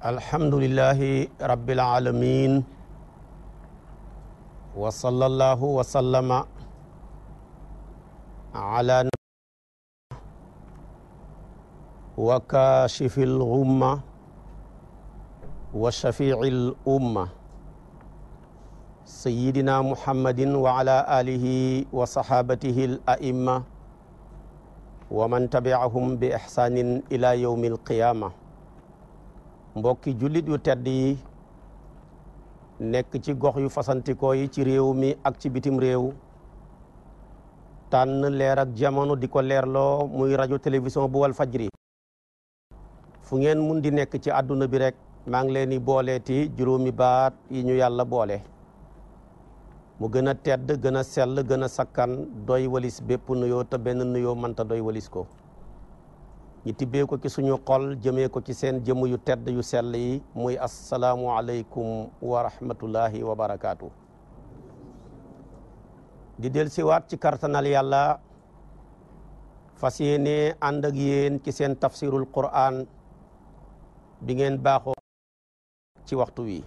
alhamdulilahi rabbil alamin wa sallallahu wa sallama ala nabiyina wa kaashifi l-ghumma wa shafi'i l-umma sayyidina muhammadin wa ala alihi wa sahabatihi al-a'imma wa man tabi'ahum bi ihsanin ila yawmi l-qiyama mbokki jullit yu tedd yi nekk ci gox yu fasantikoo yi ci réew mi ak ci bitim réew tànn leer ak jamono di ko leerloo muy rajo télévision bu wal fajri fu ngeen mun di nekk ci àdduna bi rek maa ngi leen di booleeti juróomi baat yi ñu yàlla boole mu gën a tedd gën a sell gën a sakkan doy walis bépp nuyoo te benn nuyoo mënta doy walis ko ñi tibbee ko ci suñu xol jëmee ko ci seen jëmm yu tedd yu sell yi muy asalaamualeykum wa rahmatullahi wa barakaatu. di del siwaat ci kartanal yàlla fas yéene ànd ak yéen ci seen tafsirul qur'an bi baaxoo ci waxtu wi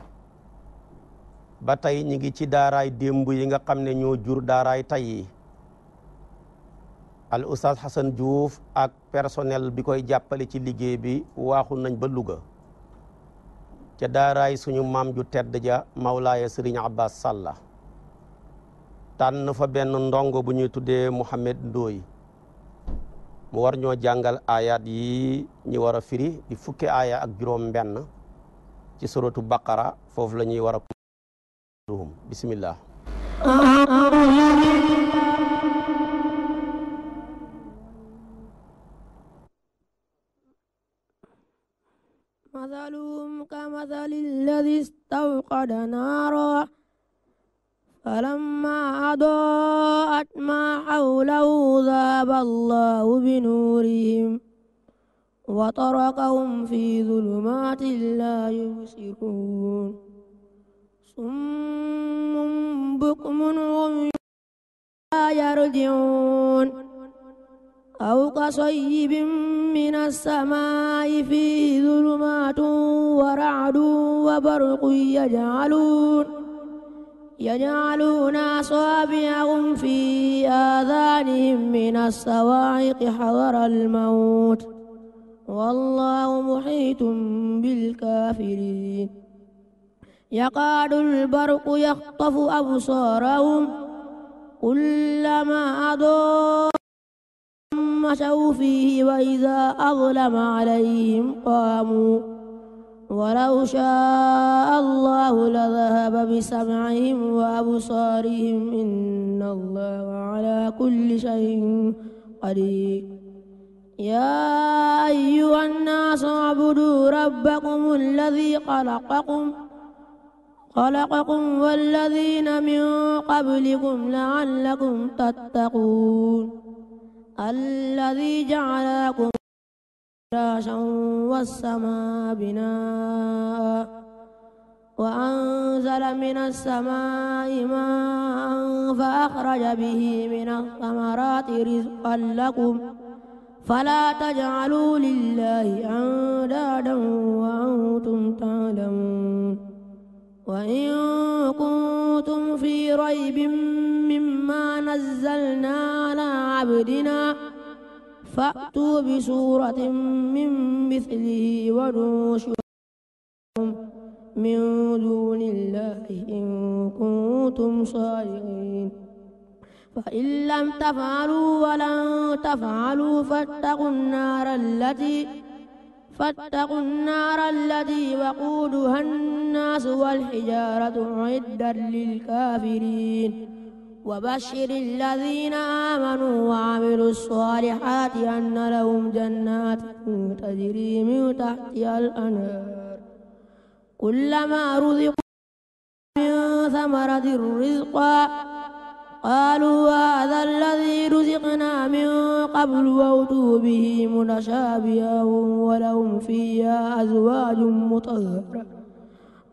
ba tey ñi ngi ci daaraay démb yi nga xam ne ñoo jur daaray tey yi al oustaz Xasan Diouf ak personnel bi koy jàppale ci liggéey bi waaxu nañ ba Louga ca daaraay suñu maam ju tedd ja Mawlaaya Sëriñ Abbas Sàlla tànn fa benn ndongo bu ñuy tuddee Mouhamed Ndooy mu war ñoo jàngal ayat yi ñi war a firi di fukki aaya ak juróom benn ci suratu baqara foofu la ñuy war a bismillah مثلهم كمثل الذي استوقد نارا فلما أضاءت ما حوله ذهب الله بنورهم وتركهم في ظلمات لا يبصرون صم بكم عمي لا يرجعون أو كصيب من السماء فيه ظلمات ورعد وبرق يجعلون يجعلون أصابعهم في آذانهم من الصواعق حذر الموت والله محيط بالكافرين يقعد البرق يخطف أبصارهم كلما أضاء مشوا فيه وإذا أظلم عليهم قاموا ولو شاء الله لذهب بسمعهم وأبصارهم إن الله على كل شيء قدير يا أيها الناس اعبدوا ربكم الذي خلقكم خلقكم والذين من قبلكم لعلكم تتقون الذي جعل لكم فراشا والسماء بناء وأنزل من السماء ماء فأخرج به من الثمرات رزقا لكم فلا تجعلوا لله أندادا وأنتم تعلمون وإن كنتم في ريب مما نزلنا على عبدنا فأتوا بسورة من مثله وادعوا شركاءكم من دون الله إن كنتم صادقين فإن لم تفعلوا ولن تفعلوا فاتقوا النار التي فاتقوا النار التي وقودها الناس والحجارة أعدت للكافرين وبشر الذين آمنوا وعملوا الصالحات أن لهم جنات تجري من تحتها الأنهار كلما رزقوا من ثمرة رزقا قالوا هذا الذي رزقنا من قبل وأتوا به متشابها ولهم فيها أزواج مطهرة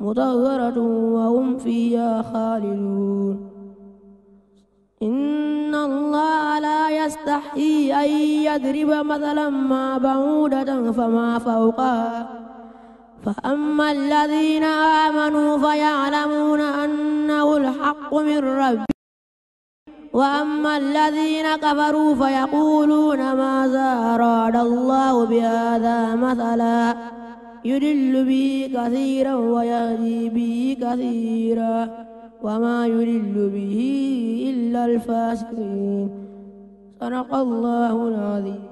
مطهرة وهم فيها خالدون إن الله لا يستحيي أن يضرب مثلا ما بعودة فما فوقها فأما الذين آمنوا فيعلمون أنه الحق من ربهم وأما الذين كفروا فيقولون ماذا أراد الله بهذا مثلا يدل به كثيرا ويهدي به كثيرا وما يدل به إلا الفاسقين صدق الله العظيم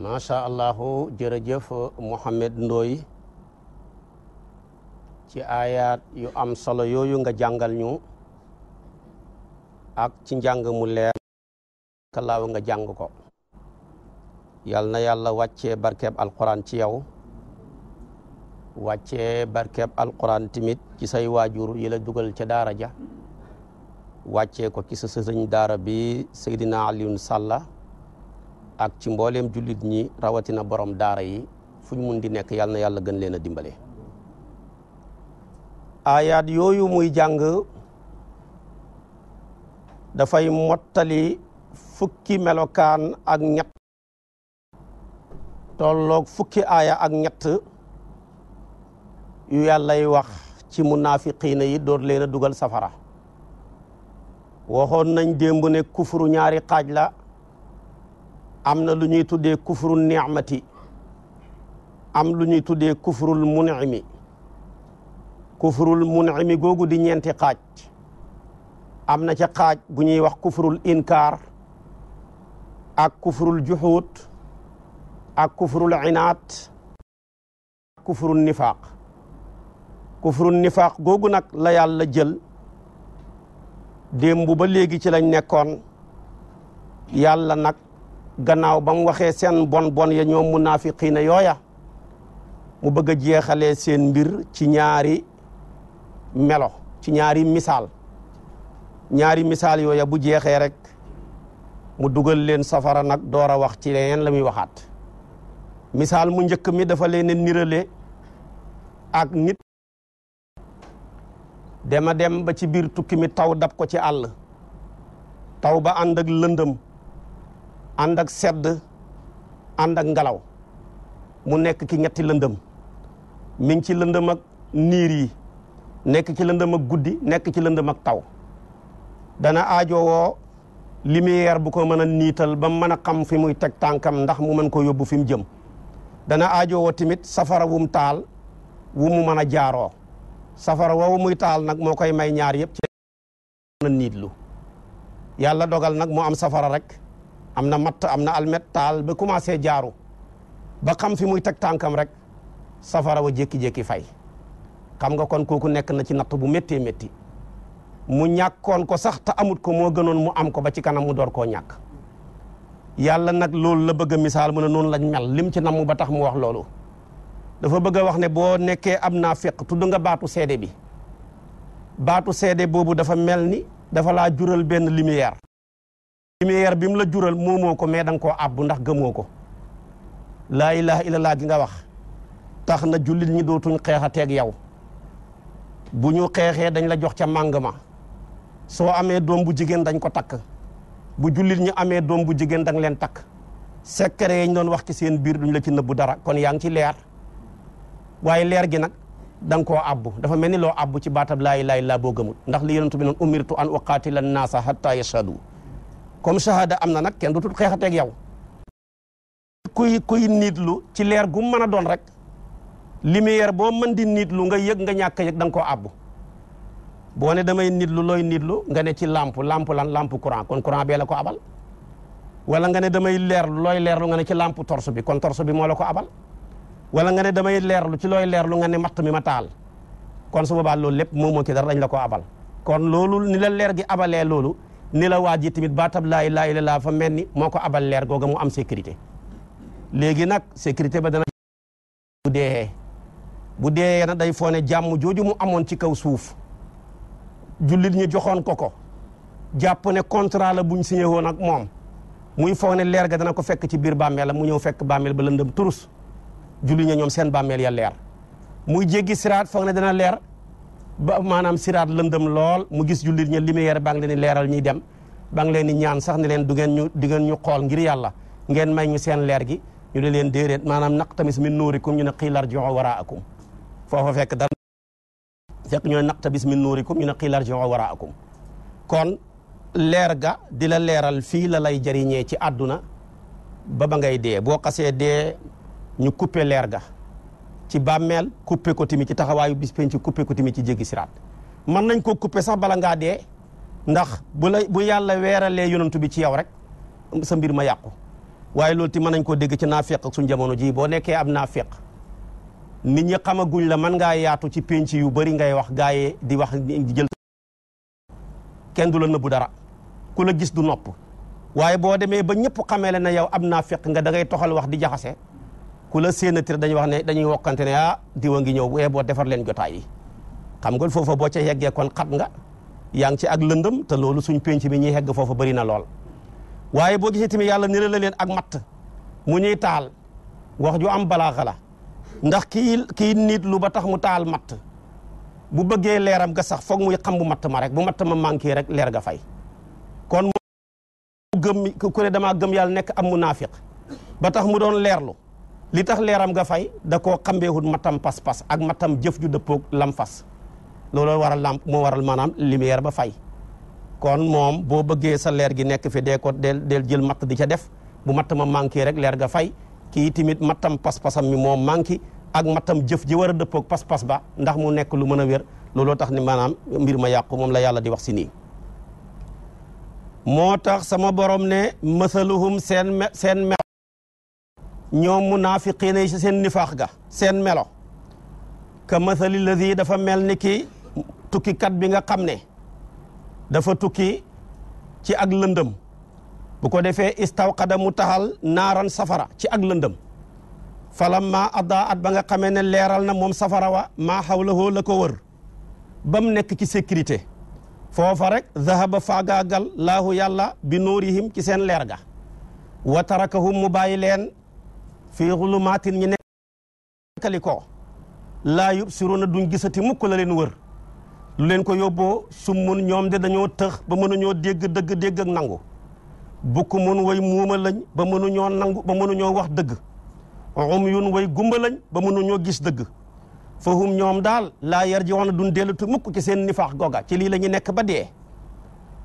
ما شاء الله jërëjëf Mohamed Ndoye ci aayaat yu am solo yooyu nga jàngal ñu ak ci njàng mu leer kalaaw nga jàng ko yal na yàlla wàccee barkeeb alquran ci yow wàccee barkeeb alquran timit ci say waajur yi la dugal ca daara ja wàcce ko ci sa sëriñ daara bi Seydina Alioune Sall ak ci mbooleem jullit ñi rawatina borom daara yi fu ñu mun di nekk yal na yàlla gën leen a dimbale. ayaat yooyu muy jàng. dafay mottali fukki melokaan ak ñett tolloog fukki aaya ak ñett yu yàllay wax ci munaafiqiina yi door leen a dugal safara waxoon nañ démb ne kufru ñaari xaaj la am na lu ñuy tuddee kufru ni'mati am lu ñuy tuddee kufrul mun'imi kufrul mi googu di ñeenti xaaj am na ca xaaj bu ñuy wax kufrul inkar ak kufrul juxuut ak kufrul inaat ak kufrul nifaaq kufrul googu nag la yàlla jël démb ba léegi ci lañ nekkoon yàlla nag gannaaw ba mu waxee seen bon bon ya ñoom munaafiqiina yooya mu bëgg a jeexalee seen mbir ci ñaari melo ci ñaari misaal ñaari misaal yooya bu jeexee rek mu dugal leen safara nag door a wax ci leneen la muy waxaat missaal mu njëkk mi dafa leen nirale ak nit dema dem ba ci biir tukki mi taw dab ko ci àll taw ba ànd ak lëndëm ànd ak sedd ànd ak ngelaw mu nekk ki ñetti lëndëm mi ci lëndëm ak niir yi nekk ci lëndëm ak guddi nekk ci lëndëm ak taw dana aajowoo lumière bu ko mën a niital ba mu mën a xam fi muy teg tànkam ndax mu mën ko yóbbu fi mu jëm dana aajowoo tamit safara wum taal wu mu mën a jaaroo safara woowu muy taal nag moo koy may ñaar yëpp ci mën a niitlu yàlla dogal nag mu am safara rek am na matt am na almet taal ba commencé jaaru ba xam fi muy teg tànkam rek safara wa jékki-jékki fay xam nga kon kooku nekk na ci natt bu méttee métti mu ñàkkoon ko sax te amut ko moo gënoon mu am ko ba ci kanam mu door koo ñàkk yàlla nag loolu la bëgg a misaal mu ne noonu lañ mel lim ci namm ba tax mu wax loolu dafa bëgg a wax ne boo nekkee am naa féq tudd nga baatu seede bi baatu seede boobu dafa mel ni dafa laa jural benn lumière lumière bi mu la jural moomoo ko mais da nga koo àbbu ndax gëmoo ko laa ilaha illallah gi nga wax tax na jullit ñi dootuñ xeex a teeg yow bu ñu xeexee dañ la jox ca màng soo amee doom bu jigéen dañ ko takk bu jullit ñi amee doom bu jigéen danga leen takk secret yi doon wax ci seen biir duñ la ci nëbbu dara kon yaa ngi ci leer waaye leer gi nag da ko abbu dafa mel ni loo abbu ci baata laa laay illallaah boo gëmul ndax li yonent bi noon umirtu an uqaatila naasa hatta yashhadu comme shahada am na nag kenn dootul xeexateeg yow kuy kuy niitlu ci leer gu mën a doon rek lumière boo mën di niitlu nga yëg nga ñàkk yëg da nga koo boo ne damay lu looy lu nga ne ci lampe lampe lan lampe courant kon courant bee la ko abal wala nga ne damay leerlu looy leerlu nga ne ci lampe torse bi kon torse bi moo la ko abal wala nga ne damay leerlu ci looy leerlu nga ne matt mi ma taal kon su boobaa loolu lépp moom moo ci dara dañ la ko abal kon loolu ni la leer gi abalee loolu ni la waa ji tamit baatab laa ilaaha illallaah fa mel ni moo ko abal leer googa mu am sécurité léegi nag sécurité ba dana bu bu deeyee nag day foone jàmm jooju mu amoon ci kaw suuf jullit ñi joxoon ko ko jàpp ne contrat la buñ signé woon ak moom muy foog ne leer ga dana ko fekk ci biir bàmmeel la mu ñëw fekk bàmmeel ba lëndëm turus jullit ñi ñoom seen bàmmeel ya leer muy jéggi siraat foog ne dana leer ba maanaam siraat lëndëm lool mu gis jullit ñi lumière baa ngi leen di leeral ñuy dem baa ngi leen di ñaan sax ne leen du ngeen ñu du ñu xool ngir yàlla ngeen may ñu seen leer gi ñu ne leen déedéet maanaam naq tamis min nuurikum ñu ne xiilar joxo waraakum foofa fekk dara fekk ñooy naqtabis min nuurikum ñu ne qiila irji'u waraakum kon leer ga di la leeral fii la lay jëriñee ci àdduna ba ba ngay dee boo kasee dee ñu coupé leer ga ci bàmmeel coupé ko tamit ci taxawaayu bis penc ci ko tamit ci jéggi siraat mën nañ koo kuppe sax bala ngaa dee ndax bu la bu yàlla weeralee yonantu bi ci yow rek sa mbir ma yàqu waaye loolu ti mën nañ koo dégg ci naafiq ak suñ jamono ji boo nekkee am naafiq ñi xamaguñ la mën ngaa yaatu ci pénc yu bari ngay wax gaa yi di wax di kenn du la nëbbu dara ku la gis du nopp waaye boo demee ba ñëpp xamee la ne yow am naa fekk nga da ngay toxal wax di jaxase ku la séenatir dañuy wax ne dañuy wokkante ne ah diwa ngi ñëw bu boo defar leen jotaay yi xam nga foofa boo ca yeggee kon xat nga yaa ngi ci ak lëndëm te loolu suñ penc bi ñuy yegg foofa bari na lool waaye boo gisee tamit yàlla nira leen ak mat mu ñuy taal wax ju am balaaxa ndax kii kii nit lu ba tax mu taal matt bu bëggee leeram ga sax foog muy xam bu matt ma rek bu matt ma manqué rek leer ga fay kon mu gëm ku ne gëm yàlla nekk am munaafiq ba tax mu doon leerlu li tax leeram ga fay da koo xambeewut mattam pas-pas ak mattam jëf ju dëppoog lam fas looloo waral lamp moo waral maanaam lumière ba fay kon moom boo bëggee sa leer gi nekk fi dee ko del jël matt di ca def bu matt ma manqué rek leer ga fay kii tamit matam pas-pasam mi moo manqué ak matam jëf ji war a dëppoog pas-pas ba ndax mu nekk lu mën a wér looloo tax ni maanaam mbir ma yàqu moom la yàlla di wax si nii moo tax sama borom ne masaluhum seen me seen melo ñoom munaafiqiina si seen nifaax ga seen melo ka masali lazi dafa mel ni ki tukkikat bi nga xam ne dafa tukki ci ak lëndëm bu ko defee istawqada mu taxal naaran safara ci ak lëndëm falamma addaa at ba nga xamee ne leeral na moom safara wa maa xawlahoo la ko wër ba mu nekk ci sécurité foofa rek zahaba faagaagal laahu yàlla bi nuurihim ci seen leer ga wa tarakahum mu bàyyi leen fii xulumaatin ñi nekkalikoo laa yubsiruuna duñ gisati mukk la leen wër lu leen ko yóbboo summun ñoom de dañoo tëx ba mënuñoo dégg dëgg dégg ak nangu bukk mun woy muuma lañ ba mënuñoo nangu ba mënuñoo wax dëgg um yun way gumba lañ ba mënuñoo gis dëgg fahum ñoom daal laa yar ji wax na duñ dellutu mukk ci seen nifaax googa ci lii la ñu nekk ba dee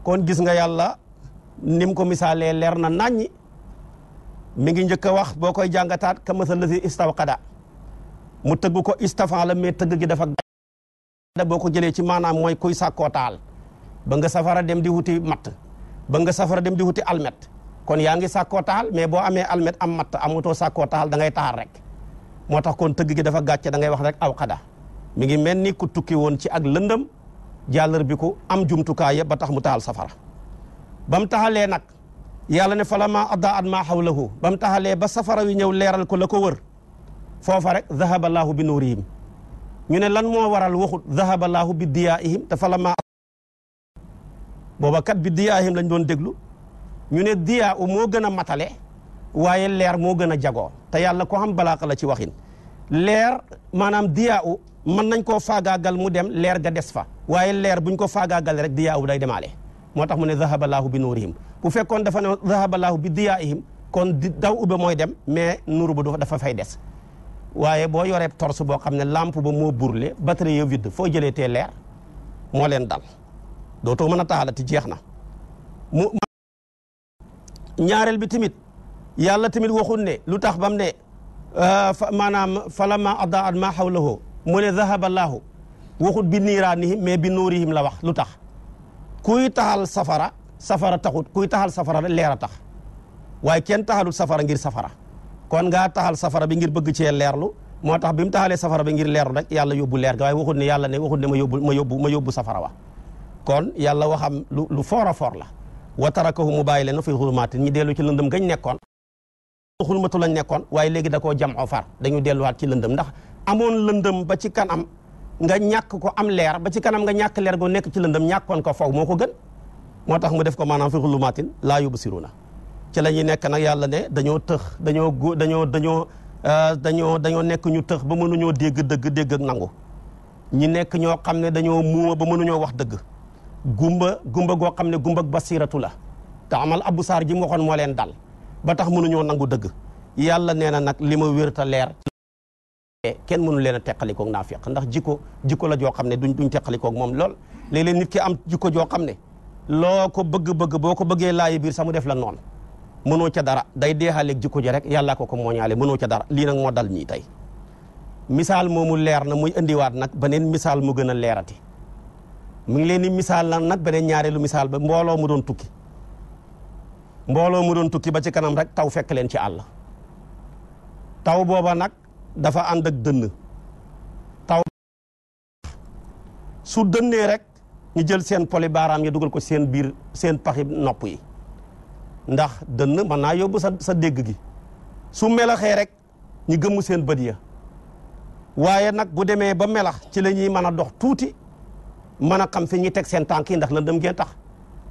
kon gis nga yàlla nim ko misaalee leer na naññi mi ngi njëkk a wax boo koy jàngataat ka masal la si istawqada mu tëgg ko istafan la mais tëgg gi dafa boo ko jëlee ci maanaam mooy koy sàkkoo taal ba nga safara dem di wuti matt ba nga safara dem di wuti almet kon yaa ngi sàkkoo taxal mais boo amee almet am matt amutoo sàkkoo taxal da ngay taxal rek moo tax kon tëgg gi dafa gàcce da ngay wax rek aw xada mi ngi mel ni ku tukki woon ci ak lëndëm jàllar bi ko am jumtukaay yëpp ba tax mu taxal safara ba mu taxalee nag yàlla ne falammaa adaa'at maa la ba mu taxalee ba safara wi ñëw leeral ko la ko wër foofa rek dahaba laahu bi nuurihim ñu ne lan moo waral waxut dahaba laahu booba kat bi diyaahim lañ doon déglu ñu ne diyaa u moo gën a matale waaye leer moo gën a jagoo te yàlla ko xam balaaxa la ci waxin leer maanaam diyaa u mën nañ koo faagaagal mu dem leer ga des fa waaye leer buñ ko faagaagal rek diyaa u day demaale moo tax mu ne zahabalaahu bi nuurihim bu fekkoon dafa ne zahabalaahu bi diyaa'ihim kon di daw ubbe mooy dem mais nuuru ba dafa fay des waaye boo yoree torse boo xam ne lampe ba moo burle batterie yo vide foo jëlee tee leer moo leen dal dootoo mën a ti jeex na mu ñaareel bi tamit yàlla tamit waxun ne lu tax bam ne ah, maanaam falamma adaat ma hawlahu mu ne zahaba llaahu waxut bi niiraanihim mais bi nuurihim la wax lu tax kuy taxal safara safara taxut kuy taxal safara leer a tax waaye kenn taxalut safara ngir safara kon ngaa taxal safara bi ngir bëgg cee leerlu moo tax bi mu taxalee safara bi ngir leerlu rek yàlla yóbbu leer ga waaye waxut ne yàlla ne waxut ne ma yóbbu ma yóbbu safara wa kon yàlla waxam lu lu foor a la wa tarakahu mu bàyyi leen fi xulumaatin ñu dellu ci lëndëm gañ nekkoon xulumatu lañ nekkoon waaye léegi da koo jam oo far dañu delluwaat ci lëndëm ndax amoon lëndëm ba ci kanam nga ñàkk ko am leer ba ci kanam nga ñàkk leer go nekk ci lëndëm ñàkkoon ko faw moo ko gën moo tax mu def ko maanaam fi xulumaatin laa yubsiruna ci la ñuy nekk nag yàlla ne dañoo tëx dañoo gu dañoo dañoo euh, dañoo dañoo nekk ñu tëx ba mënuñoo dégg dëgg dégg ak nangu ñi nekk ñoo xam ne dañoo muuma ba mënuñoo wax dëgg gumba gumba goo xam ne gumba basiratu la te amal abu saar ji mu waxoon moo leen dal ba tax mënuñoo nangu dëgg yàlla nee na nag li ma wér ta leer kenn mënu leen a teqalikoog naafiq ndax jikko jikko la joo xam ne duñ duñ teqalikoog moom lool léeg leen nit ki am jikko joo xam ne loo ko bëgg-bëgg boo ko bëggee laayi biir sax def la noonu mënoo ca dara day deexaaleeg jikko ji rek yàlla ko ko mooñaale mënoo ca dara lii nag moo dal ñii tey misaal moomu leer na muy indiwaat nag beneen misaal mu gën a leerati mu ngi leen di misaal lan nag beneen ñaareelu misaal ba mbooloo mu doon tukki mbooloo mu doon tukki ba ci kanam rek taw fekk leen ci àll taw booba nag dafa ànd ak dënn taw su dënnee rek ñu jël seen poli baaraam yi dugal ko seen biir seen paxi nopp yi ndax dënn mën naa yóbbu sa sa dégg gi su melaxee rek ñu gëmmu seen bët ya waaye nag bu demee ba melax ci lañuy ñuy mën a dox tuuti mën a xam fi ñuy teg seen tànk yi ndax lëndëm geen tax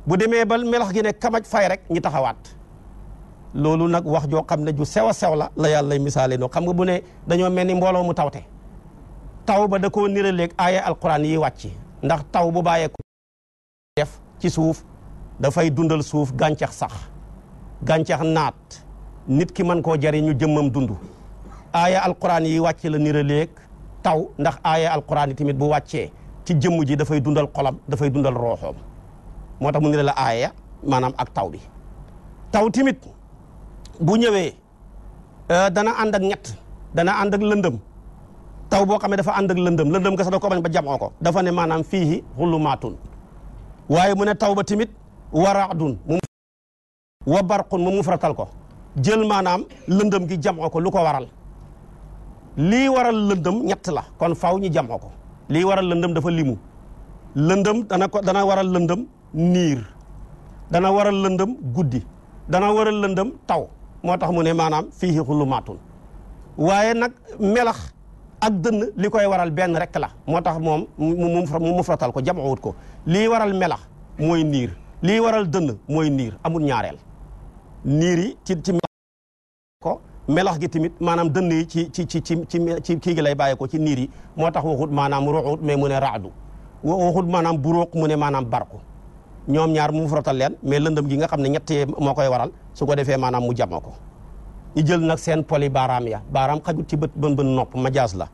bu demee ba melax gi ne kamaj fay rek ñi taxawaat loolu nag wax joo xam ne ju sew a sew la la yàlla misaale noo xam nga bu ne dañoo mel ni mbooloo mu tawte taw ba da koo niraleeg aaya alquran yi wàcc ndax taw bu bàyyee ko def ci suuf dafay dundal suuf gàncax sax gàncax naat nit ki mën koo jariñu jëmmam dund aaya alquran yi wàcc la niraleeg taw ndax aaya alquran yi tamit bu wàccee ci jëmm ji dafay dundal xolam dafay dundal rooxoom moo tax mu ne la aaya maanaam ak taw bi taw timit bu ñëwee euh, dana ànd ñett dana ànd lëndëm taw boo xam dafa ànd lëndëm lëndëm nga sax ko bañ ba jamoo ko dafa ne maanaam fiihi xulumaatun waaye mu ne taw ba timit wa raadun mu wa barqun mu mufratal ko jël maanaam lëndëm gi jamoo ko lu ko waral lii waral lëndëm ñett la kon faw ñu jamoo ko lii waral lëndëm dafa limu lëndëm dana ko dana waral lëndëm niir dana waral lëndëm guddi dana waral lëndëm taw moo tax mu ne maanaam fiihi waaye nag melax ak dënn li koy waral benn rek la moo tax moom mu mufratal ko jamawut ko li waral melax mooy niir lii waral dënn mooy niir amul ñaareel niir yi ci ko melax gi tamit maanaam dënn yi ci ci ci ci ci kii gi lay bàyyeekoo ci niir yi moo tax waxut maanaam ruxut mais mu ne raadu waxut maanaam buróog mu ne maanaam barku ñoom ñaar mu frotal leen mais lëndam gi nga xam ne ñettee moo koy waral su ko defee maanaam mu jamo ko ñu jël nag seen poli baaraam ya baaraam xajut ci bët bën bën nopp majaas la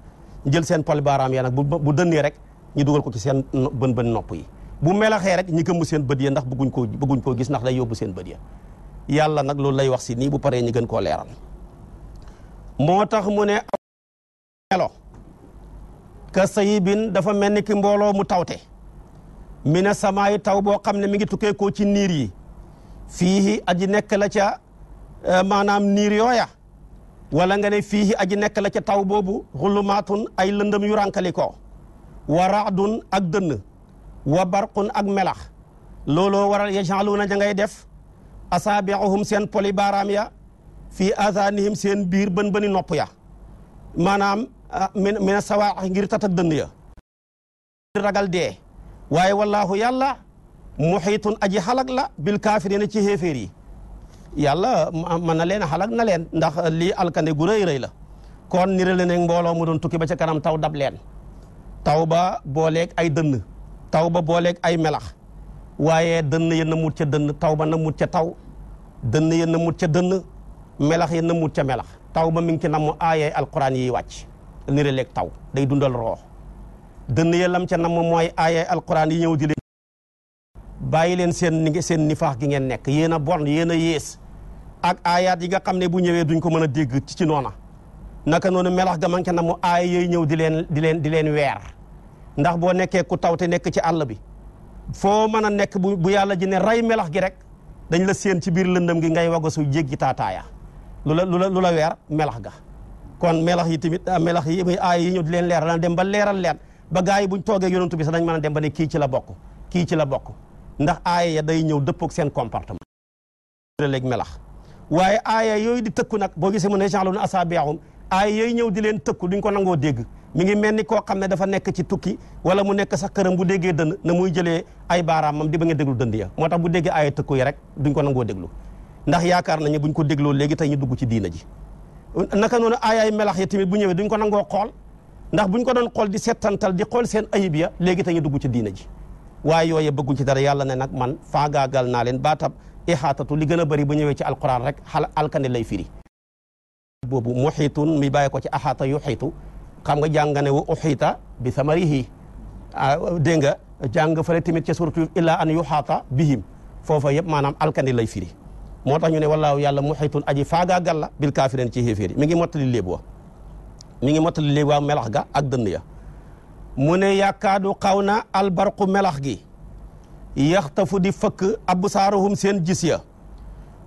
ñu jël seen poli baaraam ya nag bu dënnee rek ñu dugal ko ci seen bën bën nopp yi bu melaxee rek ñi gëmm seen bët ya ndax bëgguñ ko bëgguñ koo gis ndax day yóbbu seen bët ya yàlla nag loolu lay wax si nii bu paree ñu gën koo leeral moo tax mu ne melo ka sayibin dafa mel ni ki mbooloo mu tawte mina samaay taw boo xam ne mi ngi tukkee koo ci niir yi fii aji nekk la ca e, maanaam niir yooya walla nga ne fiihi aji nekk la ca taw boobu xulumaatun ay lëndëm yu rànkalikoo wa raadun ak dënn wa barqun ak melax looloo waral yajaaluuna da ngay def asaabiahum seen poli baaraam ya fii asaanihim seen biir bën bëni nopp ya maanaam ah, mina sawaax ngir tatak dënd ya ragal dee waaye wallaahu yàlla muxiitun aji xalak la bil kaafiriina ci xéeféer yi yàlla mën na leen xalak na leen ndax lii alkande gu rëy rëy la kon nire leen ak mbooloo mu doon tukki ba ca kanam taw dab leen taw ba booleek ay dënn taw ba booleek ay melax waaye dënn ya namut ca dënn taw ba namut ca taw dënn ya namut ca dënn melax yi namut ca melax taw ba mi ngi ci namu aayay alquran yiy wàcc nire leeg taw day dundal roox dënn ya lam ca namm mooy aayay alquran yi ñëw di leen bàyyi leen seen ni seen nifaax gi ngeen nekk yéen a bon yéen a yées ak aayaat yi nga xam ne bu ñëwee duñ ko mën a dégg ci ci noona naka noonu melax ga man ca namu aaya yooyu ñëw di leen di leen di leen weer ndax boo nekkee ku taw te nekk ci àll bi foo mën a nekk bu bu yàlla ji ne rey melax gi rek dañ la séen ci biir lëndëm gi ngay wago su jéggi taataaya lu la lu la lu la weer melax ga kon melax yi tamit ah, melax yi muy aay yi ñu di leen leeral la dem ba leeral leen ba gars yi buñ toogee yonantu bi sax dañ mën a dem ba ne kii ci la bokk kii ci la bokk ndax aaya day ñëw dëppoog seen comportement léegi melax waaye aaya yooyu di tëkku nag boo gisee mu ne genlonu asaabiahum aaya yooyu ñëw di leen tëkku duñ ko nangoo dégg mi ngi mel ni koo xam ne dafa nekk ci tukki wala mu nekk sax këram bu déggee dënd na muy jëlee ay baaraam baaraamam di ba nga déglu dënd ya moo tax bu déggee aaya tëkku rek duñ ko nangoo déglu ndax yaakaar nañu buñ ko dégloo léegi tey ñu dugg ci diina ji naka noonu aayaay melax ya tamit bu ñëwee duñ ko nangoo xool ndax buñ ko doon xool di settantal di xool seen ayib ya léegi tey ñu dugg ci diina ji waaye yooye bëgguñ ci dara yàlla ne nag man faagaagal naa leen baatab ixaatatu li gën a bëri bu ñëwee ci alquran rek xal alkane lay firi boobu muxiitun mi bàyyi ko ci axaata yu xiitu xam nga jàng ne wa uxiita bi samarihi ah, dégg nga jàng fële tamit ca surtout illa an yuxaata bihim foofa yëpp maanaam alkane lay firi moo tax ñu ne wallaahu yàlla muhitun aji faagaagal la bil kaafirin ci xéeféer yi mi ngi mottali léeb wa mi ngi mottali léeb waa melax ga ak dënn ya mu ne yàkkaadu xaw na albarqu melax gi yaxtafu di fëkk absaaruhum seen gis ya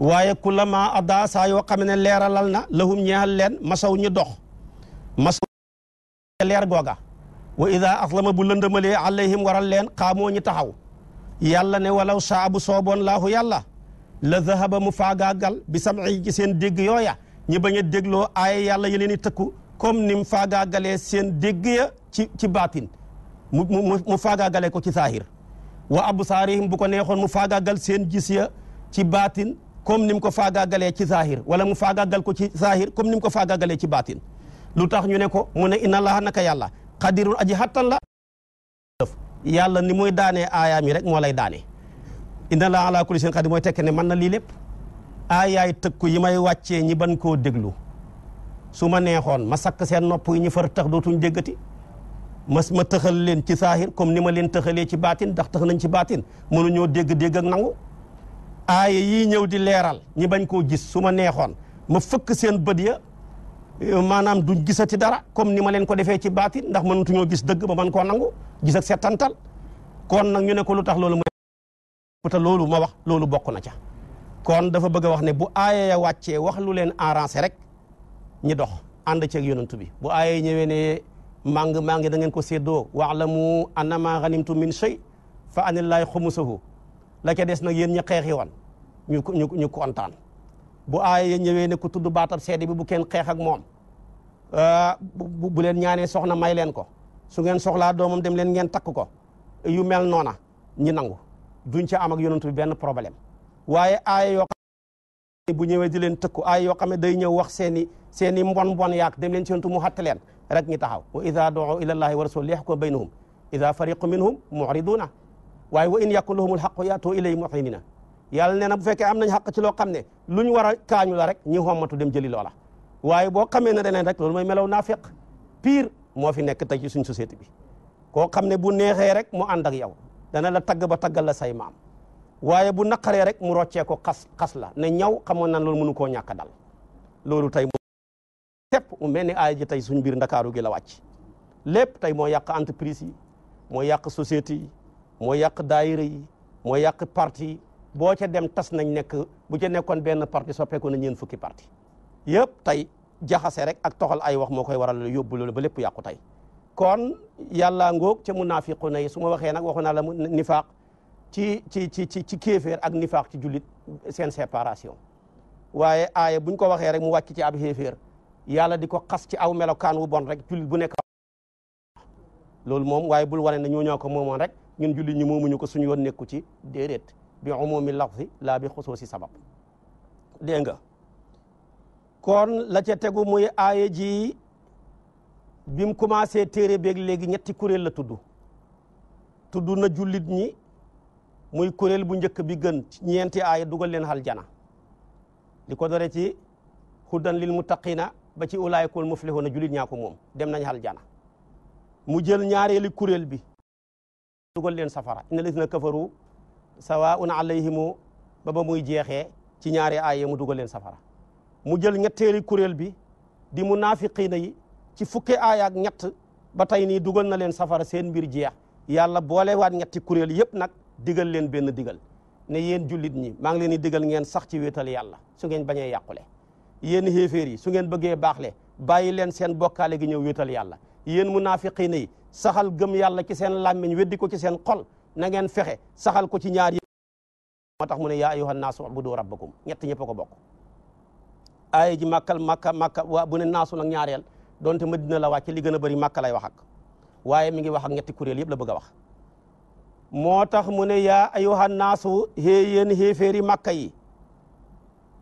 waaye kullama adda saa yoo xam ne leeralal na lahum ñeexal leen masaw ñu dox masaw leer googa wa ida aslama bu lëndëmalee alayhim waral leen xaamoo ñu taxaw yàlla ne walaw saa bu sooboon laahu yàlla la zahaba mu faagaagal bi sam'i ci seen dégg yooya ñi ba a dégloo aaya yàlla yi leen i tëkku comme ni mu faagaagalee seen dégg ci ci baatin mu mu faagaagalee ko ci saahir wa absaarihim bu ko neexoon mu faagaagal seen gis ya ci baatin comme ni mu ko faagaagalee ci saahir wala mu faagaagal ko ci saahir comme ni mu ko faagaagalee ci baatin lu tax ñu ne ko mu ne inna laaha naka yàlla qadirun aji xattan la yàlla ni muy daanee aayaam yi rek moo lay daane inna laa ala kulli shay'in qadir mooy tekki ne mën na lii lépp aayaay tëkku yi may wàccee ñi ban koo déglu su ma neexoon ma sakk seen nopp yi ñu far tax dootuñ déggati ma ma tëxal leen ci saahir comme ni ma leen tëxalee ci baatin ndax tax nañ ci baatin mënuñoo ñoo dégg ak nangu aaya yii ñëw di leeral ñi bañ koo gis su ma neexoon ma fëkk seen bët ya euh, maanaam duñ gisati dara comme ni ma leen ko defee ci baatin ndax mënatuñoo gis dëgg ma man koo nangu gis ak settantal nag ñu ne lu tax loolu te loolu ma wax loolu bokk na ca kon dafa bëgg a wax ne bu aaya ya wàccee wax lu leen arrangé rek ñi dox ànd ceeg yonantu bi bu aaya ñëwee ne màng màng da ngeen ko séddoo wa'lamu maa ghanimtum min shay fa anillaahi xumusahu la ca des nag yéen ñi xeexi woon ñu ñu kontaan bu aaya ñëwee ne ku tudd baatab seede bi bu kenn xeex ak moom ah, bu leen ñaanee soxna may leen ko su ngeen soxlaa doomam dem leen ngeen takk ko yu mel noona ñi nangu duñ ci am ak yonent bi benn problème waaye aaya yoo bu ñëwee di leen tëkku aaya yoo xam ne day ñëw wax seen i seen i mbon mbon yaak dem leen ci mu xatt leen rek ñi taxaw wa ida doo ila allahi wa rasul liyahkuma baynahum ida fariqu minhum muriduna waaye wa in yakun lahumul xaqu yaatu ilay muxinina yàlla nee na bu fekkee am nañ xaq ci loo xam ne lu ñu war a kaañu la rek ñi xommatu dem jëli loola waaye boo xamee ne deneen rek loolu mooy melaw naafiq piir moo fi nekk tey ci suñ société bi koo xam ne bu neexee rek mu ànd ak yow dana la tagg ba taggal la say maam waaye bu naqaree rek mu rocceeko kas kas la ne ñaw xamoon nan loolu mënu koo ñàkk dal loolu tey moo tepp mu mel ni aaya tey suñ biir ndakaaru gi wàcc lépp tey moo yàq entreprise yi moo yàq société yi moo yàq daayira yi moo yàq parti boo ca dem tas nañ nekk bu ca nekkoon benn parti soppeeku na ñeen fukki parti yëpp tey jaxase rek ak toxal ay wax moo koy waral yóbbu loolu ba lépp yàqu tey kon yàlla ngoog ca munaafiquna yi su ma waxee nag waxu naa la mu nifaaq ci ci ci ci ci kéeféer ak nifaaq ci jullit seen séparation waaye aaya buñ ko waxee rek mu wàcc ci ab xéeféer yàlla di ko xas ci aw melokaan wu bon rek jullit bu nekk loolu moom waaye bul wane ne ñoo ñoo ko moomoon rek ñun jullit ñi moomuñu ko suñu woon nekku ci déedéet bi umumi lafzi laa bi xusuusi sabab dégg nga kon la ca tegu muy aaya bi mu commencé téere beeg léegi ñetti kuréel la tudd tudd na jullit ñi muy kuréel bu njëkk bi gën ñeenti aaya dugal leen aljana li ko dore ci hudan lil muttaqina ba ci ulaayikul muflihuna jullit ñaa ko moom dem nañ aljana mu jël ñaareeli kuréel bi dugal leen safara inna lisna kafaru sawaun alayhimu ba ba muy jeexee ci ñaari aaya mu dugal leen safara mu jël ñetteeli kuréel bi di munaafiqiina yi ci fukki aaya ak ñett ba tey nii dugal na leen safara seen mbir jeex yàlla boole waat ñetti kuréel yëpp nag digal leen benn digal ne yéen jullit ñi maa ngi leen di digal ngeen sax ci wéetal yàlla su ngeen bañee yàqule yéen xéeféer yi su ngeen bëggee baaxle bàyyi leen seen bokkaale gi ñëw wéetal yàlla yéen munaafiqiina yi saxal gëm yàlla ci seen làmmiñ weddi ko ci seen xol na ngeen fexe saxal ko ci ñaar yi moo tax mu ne yaa ayyuhan naasu ubudu rabbakum ñett ñëpp a ko bokk aaya ji màkkal màkka màkka waa bu ne naasu nag ñaareel donte Madina la wàcce li gën a bëri Màkka lay wax ak waaye mi ngi wax ak ñetti kuréel yëpp la bëgg a wax moo tax mu ne yaa ayyuhan naasu xée yéen xéeféeri Màkka yi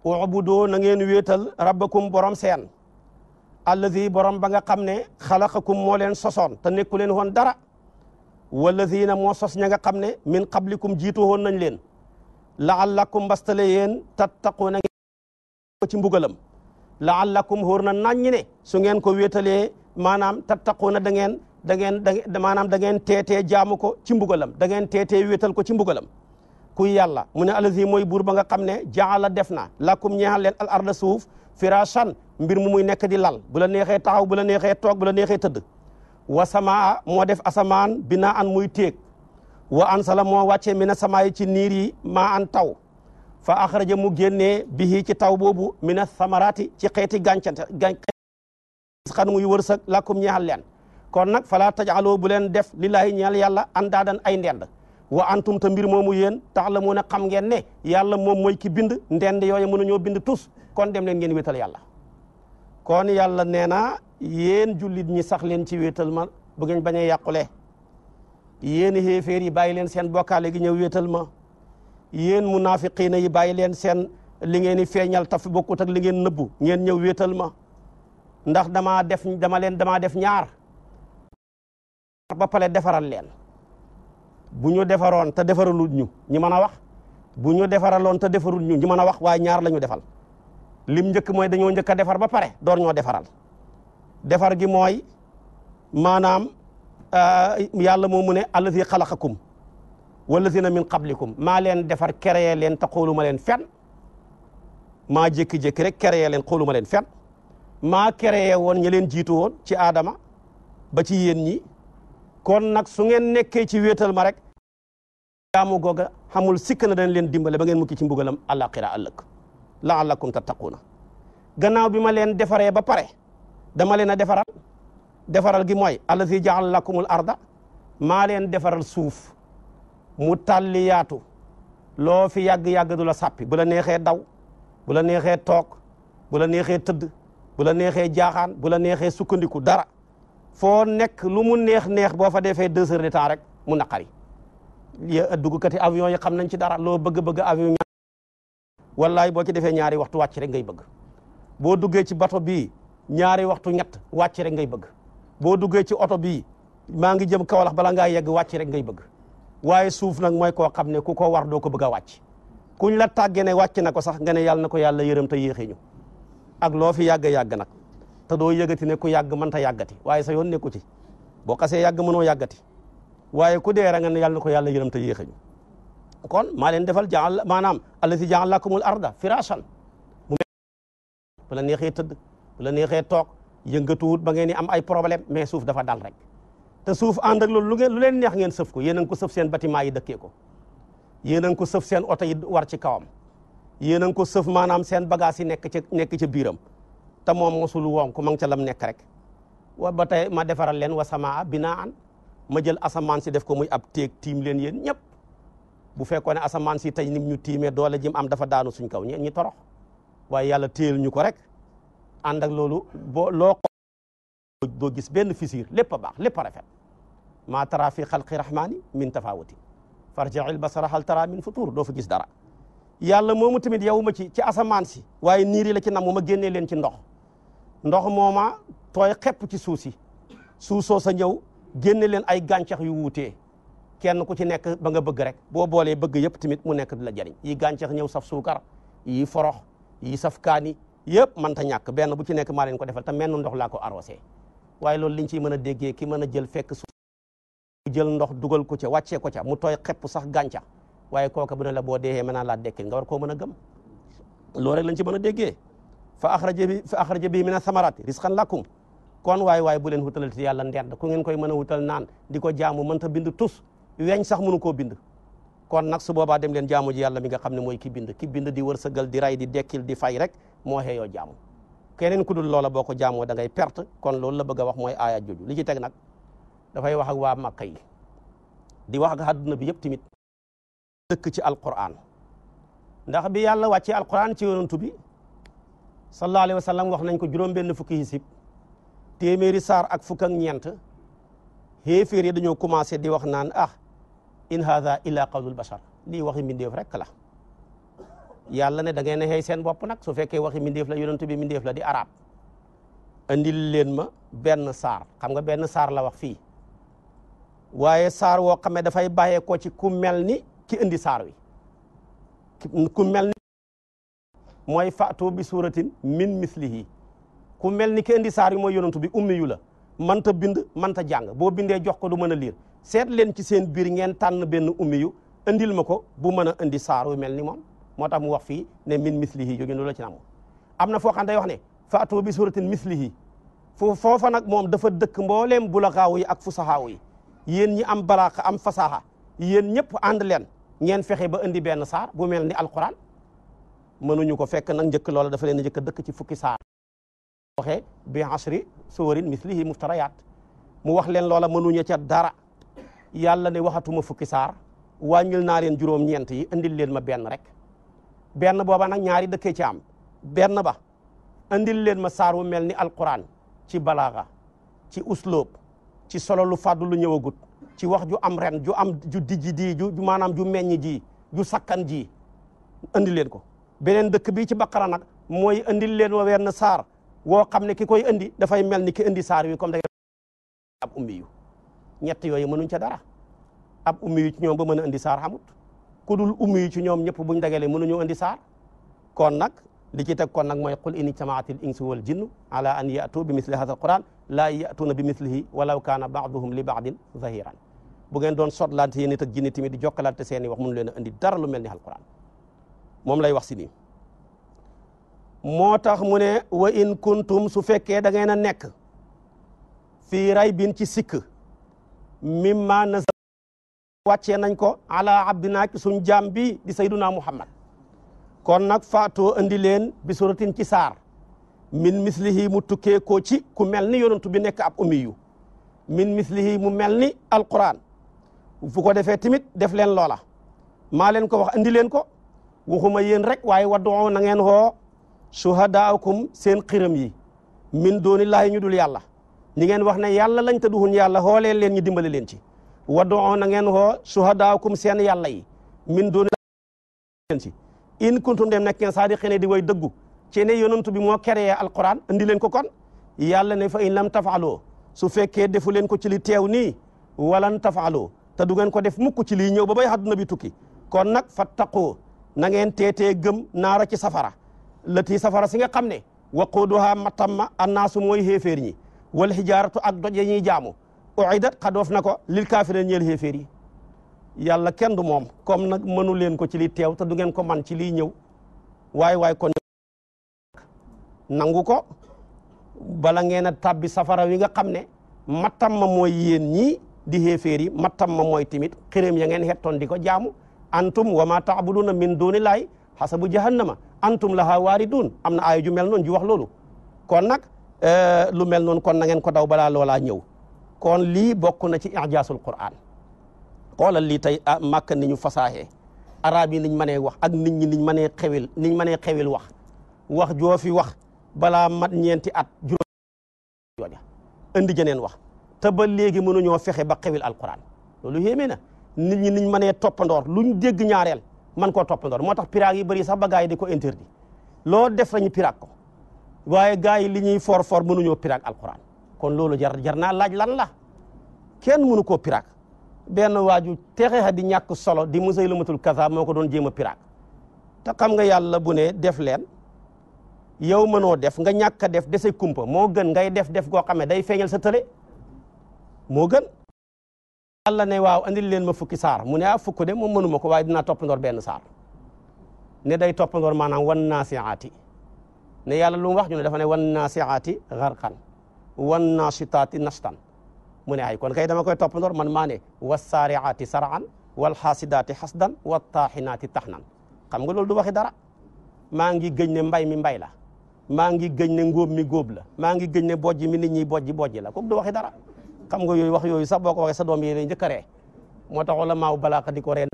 ubudu na ngeen wéetal rabbakum borom seen allazi borom ba nga xam ne xalaqakum moo leen sosoon te nekku leen woon dara na moo sos ña nga xam ne min qablikum jiitu woon nañ leen laallakum mbastale yéen tattaqu na ngeen ci mbugalam laallakum hóor na naññ ne su ngeen ko wéetalee maanaam tattaquuna da ngeen da ngeen da maanaam da ngeen teetee jaamu ko ci mbugalam da ngeen teetee ko ci mbugalam kuy yàlla mu ne alazi mooy buur ba nga xam ne jaala def na lakum ñeexal leen al arda suuf firaasan mbir mu muy nekk di lal bu la neexee taxaw bu la neexee toog bu la neexee tëdd wa samaa moo def asamaan binaa an muy téeg wa ansala moo wàccee mina samaa yi ci niir yi maa an taw fa axraja mu génnee bihi ci taw boobu mina samaraati ci xeeti gàncante xan muy wërsëg lakum ñaal leen kon nag falaa tajaaloo bu leen def lillaahi ñaal yàlla andaadan ay ndend wa antum te mbir moomu yéen tax la mun a xam ngeen ne yàlla moom mooy ki bind ndend yooyu mënu ñoo bind tus kon dem leen ngeen wéetal yàlla kon yàlla nee na yéen jullit ñi sax leen ci wéetal ma bu ngeen bañ a yàqule yéen xéeféer bàyyi leen seen bokkaale gi ñëw wéetal ma yéen munaafiqiina yi bàyyi leen seen li ngeen di feeñal taf bokkut ak li ngeen nëbbu ngeen ñëw wéetal ma ndax damaa def dama leen damaa def ñaar ba pare defaral leen bu ñu defaroon te defaralul ñu ñu mën a wax bu ñu defaraloon te defarul ñu ñi mën a wax waaye ñaar la ñu defal lim njëkk mooy dañoo njëkk a defar ba pare door ñoo defaral defar gi mooy maanaam euh, yàlla moo mu ne allazi xalaqakum wallazina min qablikum maa leen defar créé leen te xooluma leen fenn maa jékki-jékki rek créé leen xooluma leen fenn maa créé woon ña leen jiitu woon ci aadama ba ci yéen ñi kon nag su ngeen nekkee ci wéetal ma rek jaamu googa xamul sikk na dañ leen dimbale ba ngeen mukki ci mbugalam àllaaxira ëllëg laallakum tattaquuna gannaaw bi ma leen defaree ba pare dama leen a defaral defaral gi mooy allazi jaal lakumul arda maa leen defaral suuf mu yaatu loo fi yàgg-yàgg dula sappi sàppi bu la neexee daw bu la neexee toog bu la neexee tëdd bu neexee jaaxaan bu la neexee sukkandiku dara foo nekk lu mu neex neex boo fa defee deux heures de temps rek mu naqari ya duggkati avion yi xam nañ ci dara loo bëgg-bëgg avion wallaay boo ci defee ñaari waxtu wàcc rek ngay bëgg boo duggee ci bato bi ñaari waxtu ñett wàcc rek ngay bëgg boo duggee ci oto bi maa ngi jëm Kawlax bala ngaa yegg wàcc rek ngay bëgg waaye suuf nag mooy koo xam ne ku ko war doo ko bëgg a wàcc kuñ la tàggee ne wàcc na ko sax nga ne yàlla na ko yàlla yërëm te yéexee ñu ak loo fi yàgg-yàgg nag te doo yëgati ne ku yàgg mën ta yàggati waaye sa yoon nekku ci boo xasee yàgg mënoo yàggati waaye ku dee ra nga ne yàlla na ko yàlla yërëm te yéexee ñu kon maa leen defal jaal maanaam allazi jaal lakumul arda firaasan mu bu la neexee tëdd bu la neexee toog yëngatuwut ba ngeen ni am ay problème mais suuf dafa dal rek te suuf ànd loolu lu lu leen neex ngeen sëf ko yéen a ko sëf seen bâtiment yi dëkkee ko yéen a ngi ko sëf seen oto yi war ci kawam yéen a ngi ko sëf maanaam seen bagage yi nekk ca nekk ca biiram te moom mosul woon ko ma ngi ca nekk rek wa ba tey ma defaral leen wa samaa binaan ma jël asamaan si def ko muy ab téeg tiim leen yéen ñëpp bu fekkoon ne asamaan si tey nim ñu tiimee doole jim am dafa daanu suñ kaw ñi torox waaye yàlla téel ñu ko rek ànd ak loolu boo loo ko gis benn fissure lépp a baax lépp rafet maa tara fi xalqi rahmaani min tafawuti farji il basara hal tara min futur doo fa gis dara yàlla moomu tamit yow ma ci ci asamaan si waaye niiri la ci nam ma génnee leen ci ndox ndox mooma tooy xepp ci suuf si suuf soo sa ñëw génne leen ay gàncax yu wuutee kenn ku ci nekk ba nga bëgg rek boo boolee bëgg yëpp tamit mu nekk di la jariñ yi gàncax ñëw saf suukar yi forox yi saf kaani yëpp mën ta ñàkk benn bu ci nekk maa leen ko defal te menn ndox laa ko arrosé waaye loolu liñ ciy mën a déggee ki mën a jël fekk jël ndox dugal ko ca wàccee ko ca mu tooy xepp sax gàncax waaye kooka bu la boo deexee mën naa laa dekkil nga war koo mën a gëm loolu rek lañ ci mën a déggee fa axraja bi fa axraja bi mina samarati risqan lakum kon waay waay bu leen wutalal ci yàlla ndend ku ngeen koy mën a wutal naan di ko jaamu mënta bind tus weñ sax mënu koo bind kon nag su boobaa dem leen jaamu ji yàlla mi nga xam ne mooy ki bind ki bind di wërsëgal di ray di dekkil di fay rek moo xeeyoo jaamu keneen ku dul loola boo da ngay perte kon loolu la bëgg a wax mooy aaya dafay wax ak waa Makka yi di wax ak àdduna bi yëpp tamit dëkk ci alquran ndax bi yàlla wàccee alquran ci yonantu bi sallallahu alayhi wa sallam wax nañ ko juróom-benn fukki hisib téeméeri saar ak fukk ak ñeent xéeféer yi dañoo commencé di wax naan ah in hadha illa qawlul bashar lii waxi mbindeef rek la yàlla ne da ngeen a seen bopp nag su fekkee waxi mbindeef la yonent bi mbindeef la di arab andil leen ma benn saar xam nga benn saar la wax fii waaye saar woo xam ne dafay bàyyee ko ci ku mel ni ki indi saar wi ku mel ni mooy faatu bi suuratin min mislihi ku mel ni ki indi saar wi mooy yonantu bi ummi yu la manta bind mënta jàng boo bindee jox ko du mën a liir seet leen ci seen biir ngeen tànn benn ummi yu indil ma ko bu mën a indi saar wi mel ni moom moo tax mu wax fii ne min mislihi jóge loolu la ci namu am na foo xam day wax ne faatu bi suuratin mislihi foofa nag moom dafa dëkk mbooleem bulakaaw yi ak fusahaaw yi yéen ñi am balaaxa am fasaaxa yéen ñëpp ànd leen ngeen fexe ba indi benn saar bu mel ni alquran mënuñu ko fekk nag njëkk loola dafa leen njëkk dëkk ci fukki saar waxee bi asri suwarin mislihi muftarayaat mu wax leen loola mënuñu dara yàlla ne waxatuma fukki saar wàññil naa leen juróom-ñeent yi indil leen ma benn rek benn booba nag ñaari dëkkee ci am benn ba indil leen ma saar wu mel ni alquran ci balaaxa ci usloob ci solo lu fàddu lu ñëwagut ci wax ju am ren ju am ju dijji di ju maanaam ju meññ ji ju sakkan ji andi leen ko beneen dëkk bi ci baqara nag mooy andil leen wa wenn saar woo xam ne ki koy andi dafay mel ni ki andi saar wi comme da ab ummi yu ñetti yooyu mënuñ ca dara ab ummi yu ci ñoom ba mën a andi saar xamut ku dul ummi yu ci ñoom ñëpp buñ dagalee mënuñu andi saar kon nag li ci teg kon nag mooy qul in ijtamaatil insu wal jinnu ala an yatu bi misli hada alquran laa yatuuna bi mislihi walaw kaana baaduhum li baadin zahiran bu ngeen doon sotlante yéen nit ak jinni tamit di jokkalante seen i wax mënu leen a andi dara lu mel ni alquran moom lay wax si nii tax mu ne wa in kuntum su fekkee da ngeen a nekk fii raybin ci sikk mimma na wàccee nañ ko ala abdinaa ci suñ jaam bi di sayduna muhammad kon nag faatoo andi leen bi ci saar min mislihi mu tukkee koo ci ku mel ni yonantu bi nekk ab ummiyu min mislihi mu mel ni alquran fu ko defee tamit def leen loola maa leen ko wax andi leen ko waxuma yéen rek waaye waddoo na ngeen woo suhadaakum seen xiram yi min doonillaahi ñu dul yàlla ñi ngeen wax ne yàlla lañ te duhun yàlla xoolee leen ñu dimbali leen ci waddoo na ngeen woo suhadaakum seen yàlla yi min doonillaahi in kuntum dem nekk ngeen saadiqiina di way dëggu ci ne yonantu bi moo créé alquran andi leen ko kon yàlla ne fa in lam tafaaloo su fekkee defu leen ko ci li teew nii walan tafaaloo te du ngeen ko def mukk ci lii ñëw ba bay àdduna bi tukki kon nag fattaqu na ngeen teetee gëm naara ci safara lati safara si nga xam ne waquuduha matamma annaasu mooy xéeféer ñi wal xijaaratu ak doj ya ñuy jaamu uidat xadoof na ko lil kaafiriin ñeel xéeféer yi yàlla kenn du moom comme nag mënu leen ko ci li teew te du ko man ci liy ñëw waaye waay kon nangu ko bala ngeen a tàbbi safara wi nga xam ne mattam ma mooy yéen ñi di xéeféer yi mattam ma mooy timit xiréem ya ngeen xettoon di ko jaamu antum wa ma taabuduna min dunillahi xasabu jahannama antum laha waaridun am na aaya ju mel noonu ju wax loolu kon nag eh, lu mel noonu kon na ngeen ko daw balaa loolaa ñëw kon lii bokk na ci ijaasul Qur'an xoolal lii tey ah màkk ni ñu fasaaxee yi niñ mënee wax ak nit ñi niñ mënee xewil niñ mënee xewil wax wax joo fi wax balaa mat ñeenti at juróom indi jeneen wax te ba léegi mënuñoo fexe ba xewil alquran loolu yéeme na nit ñi niñ mënee toppandoor luñ dégg ñaareel man koo toppandoor moo tax piraag yi bëri sax ba gars yi di ko interdit loo def lañu piraag ko waaye gars yi li ñuy for for mënuñoo piraag alquran kon loolu jar jar naa laaj lan la kenn mënu koo piraag benn waaju texe a di ñàkk solo di Musaylamatul kazaab moo ko doon jéem a piraat te xam nga yàlla bu ne def leen yow mënoo def nga ñàkk a def dese kumpa moo gën ngay def def goo xam ne day feeñal sa tële moo gën yàlla ne waaw andil leen ma fukki saar mu ne ah fukk de moom mënuma ko waaye dinaa toppandoor benn saar ne day toppandoor maanaam wan naasiaati ne yàlla lu wax ñu ne dafa ne wan naasiaati garqan wan naasitaati nashtan mu ne ay kon kay dama koy toppandoor man maa ne wassaariaati saraan wal xaasidaati xasdan wa taaxinaati taxnan xam nga loolu du waxi dara maa ngi gëñ ne mbay mi mbay la maa ngi gëñ ne ngóob mi góob la maa ngi gëñ ne bojj mi nit ñi bojji bojj la kooku du waxi dara xam nga yooyu wax yooyu sax boo ko waxee sa doom yi lay njëkk ree moo tax wala maaw balaaka di ko ree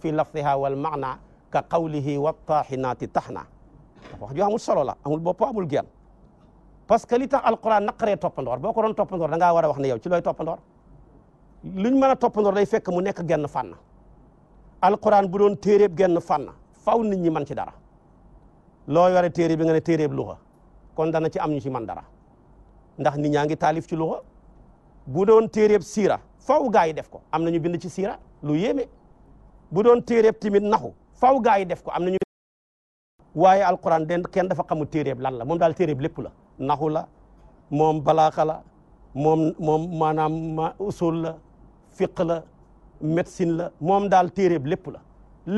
fi lafdiha wal maana ka qawlihi wa taaxinaati taxna wax ju amul solo la amul bopp amul genn parce que li tax alquran naqaree toppandoor boo ko doon toppandoor da war a wax ne yow ci looy toppandoor luñ mën a toppandoor day fekk mu nekk genn fànn alquran bu doon téeréeb genn fànn faw ni ñi mën ci dara loo yore téere bi nga ne téeréeb luxa kon dana ci am ñu ci man dara ndax ni ñaa ngi taalif ci luxa bu doon téeréeb siira faw gaa yi def ko am nañu bind ci siira lu yéeme bu doon téeréeb timit naxu faw gaa def ko am nañu waaye alquran den kenn dafa xamul téeréeb lan la moom daal téeréeb lépp la naxu la moom balaaxa la moom moom maanaam ma usul la fiq la médecine la moom daal téeréb lépp la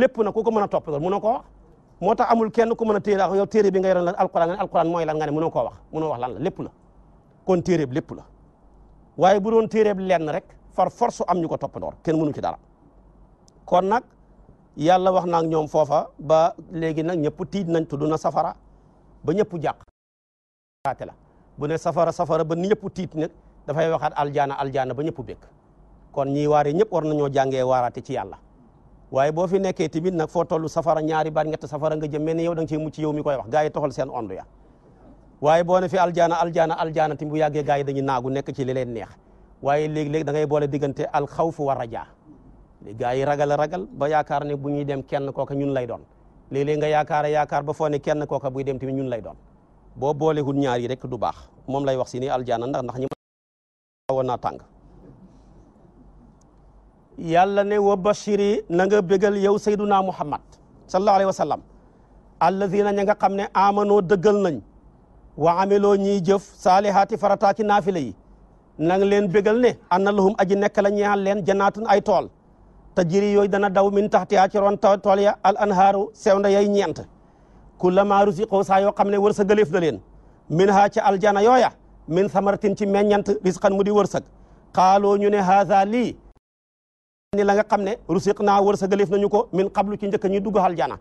lépp na ko ko mën a toppatoo munoo koo wax moo tax amul kenn ku mën a téere téere bi nga yoroon lan alquran nga ne mooy lan nga ne munoo koo wax munoo wax lan la lépp la kon lépp la waaye bu doon téeréb lenn rek far force am ñu ko toppadoor kenn mënu ci dara kon nag yàlla wax na ak ñoom foofa ba léegi nag ñëpp tiit nañ tudd na safara ba ñëpp jàq waate la bu ne safara safara ba ñëpp tiit nag dafay waxaat aljaana aljaana ba ñëpp békk kon ñiy waare ñëpp war nañoo jàngee waaraate ci yàlla waaye boo fi nekkee tamit nag foo toll safara ñaari baat ñett safara nga jëm mel ni yow da nga cee mucc yow mi koy wax gars yi toxal seen ondu ya waaye boo ne fi aljaana aljaana aljaana tamit bu yàggee gars yi dañuy naagu nekk ci li leen neex waaye léegi-léegi da ngay boole diggante al war a jaa gars yi ragal ragal ba yaakaar ne bu ñuy dem kenn kooka ñun lay doon léeg-léeg nga yaakaar yaakaar ba foo ne kenn kooka buy dem tamit ñun lay doon boo boolehul ñaar yi rekk du baax moom lay wax si ni aljaana ndax ndax ñi ma woon naa tàng yàlla ne wa bashiri na nga bégal yow sayduna muhammad sallallahu alayhi wa sallam allazina nga xam ne amanoo dëggal nañ wa amiloo ñiy jëf saalihaati farataa ci naafila yi leen bégal ne anna lahum aji nekk la ñeexal leen janaatun ay tool tajiri yooyu dana daw min taxtihaa ci ron ya al anhaaru sewnda yay ñeent kullama rusiqoo saa yoo xam ne wërsëg gëleef na leen min ha ca aljana yooya min samaratin ci meññant risqan mu di wërsëg xaaloo ñu ne haza lii ni la nga xam ne rusiq naa wërsëg gëleef nañu ko min qablu ci njëkk ñuy dugg aljana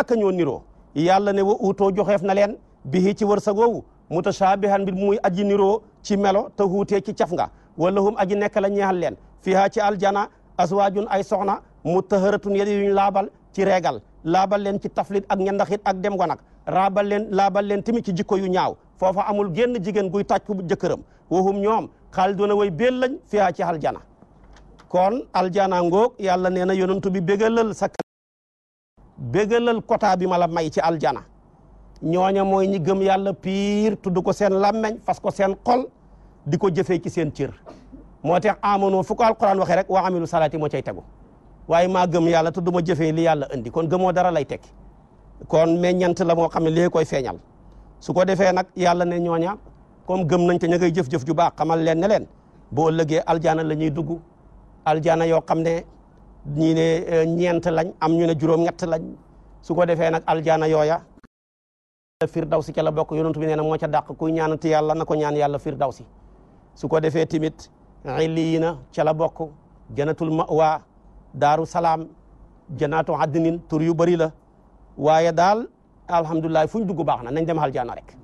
ak ñoo niroo yàlla ne wa uutoo joxeef na leen bihi ci wërsëg woowu mutashabihan mbir muy aji niroo ci melo ta huutee ci caf nga wala hum aji nekk la ñeexal leen fiha ci aljana aswaajun ay soxna mutahharatun yadi yuñ laabal ci reegal laabal leen ci taflit ak ñandaxit ak dem wanag raabal leen laabal leen tamit ci jikko yu ñaaw foofa amul génn jigéen guy tàccu jëkkëram waxum ñoom xaal duna way bel lañ fiyaa ci aljana kon aljana ngoog yàlla nee na yonentu bi bégalal sa bégalal bi ma la may ci aljana ñooña mooy ñi gëm yàlla piir tudd ko seen làmmeñ fas ko seen xol di ko jëfee ci seen cër moo tax amono fu ko alquran waxee rek waa amilu salaati moo cay tegu waaye maa gëm yàlla tu du ma jëfee li yàlla indi kon gëmoo dara lay tekki kon meññant la moo xam ne lii koy feeñal su ko defee nag yàlla ne ñooña comme gëm nañ te ña jëf-jëf ju baax xamal leen ne leen boo ëllëgee aljaana la ñuy dugg aljaana yoo xam ne ñii ne eh, ñeent lañ am ñu ne juróom-ñett lañ su ko defee nag aljaana yooya firdawsi ca la bokk yonent bi nee na moo ca dàq kuy ñaanati yàlla na ko ñaan yàlla firdawsi su ko daaru salaam janaatu addinin tur yu bëri la waaye daal alhamdulilah fuñ dugg baax na nañ dem aljaana rek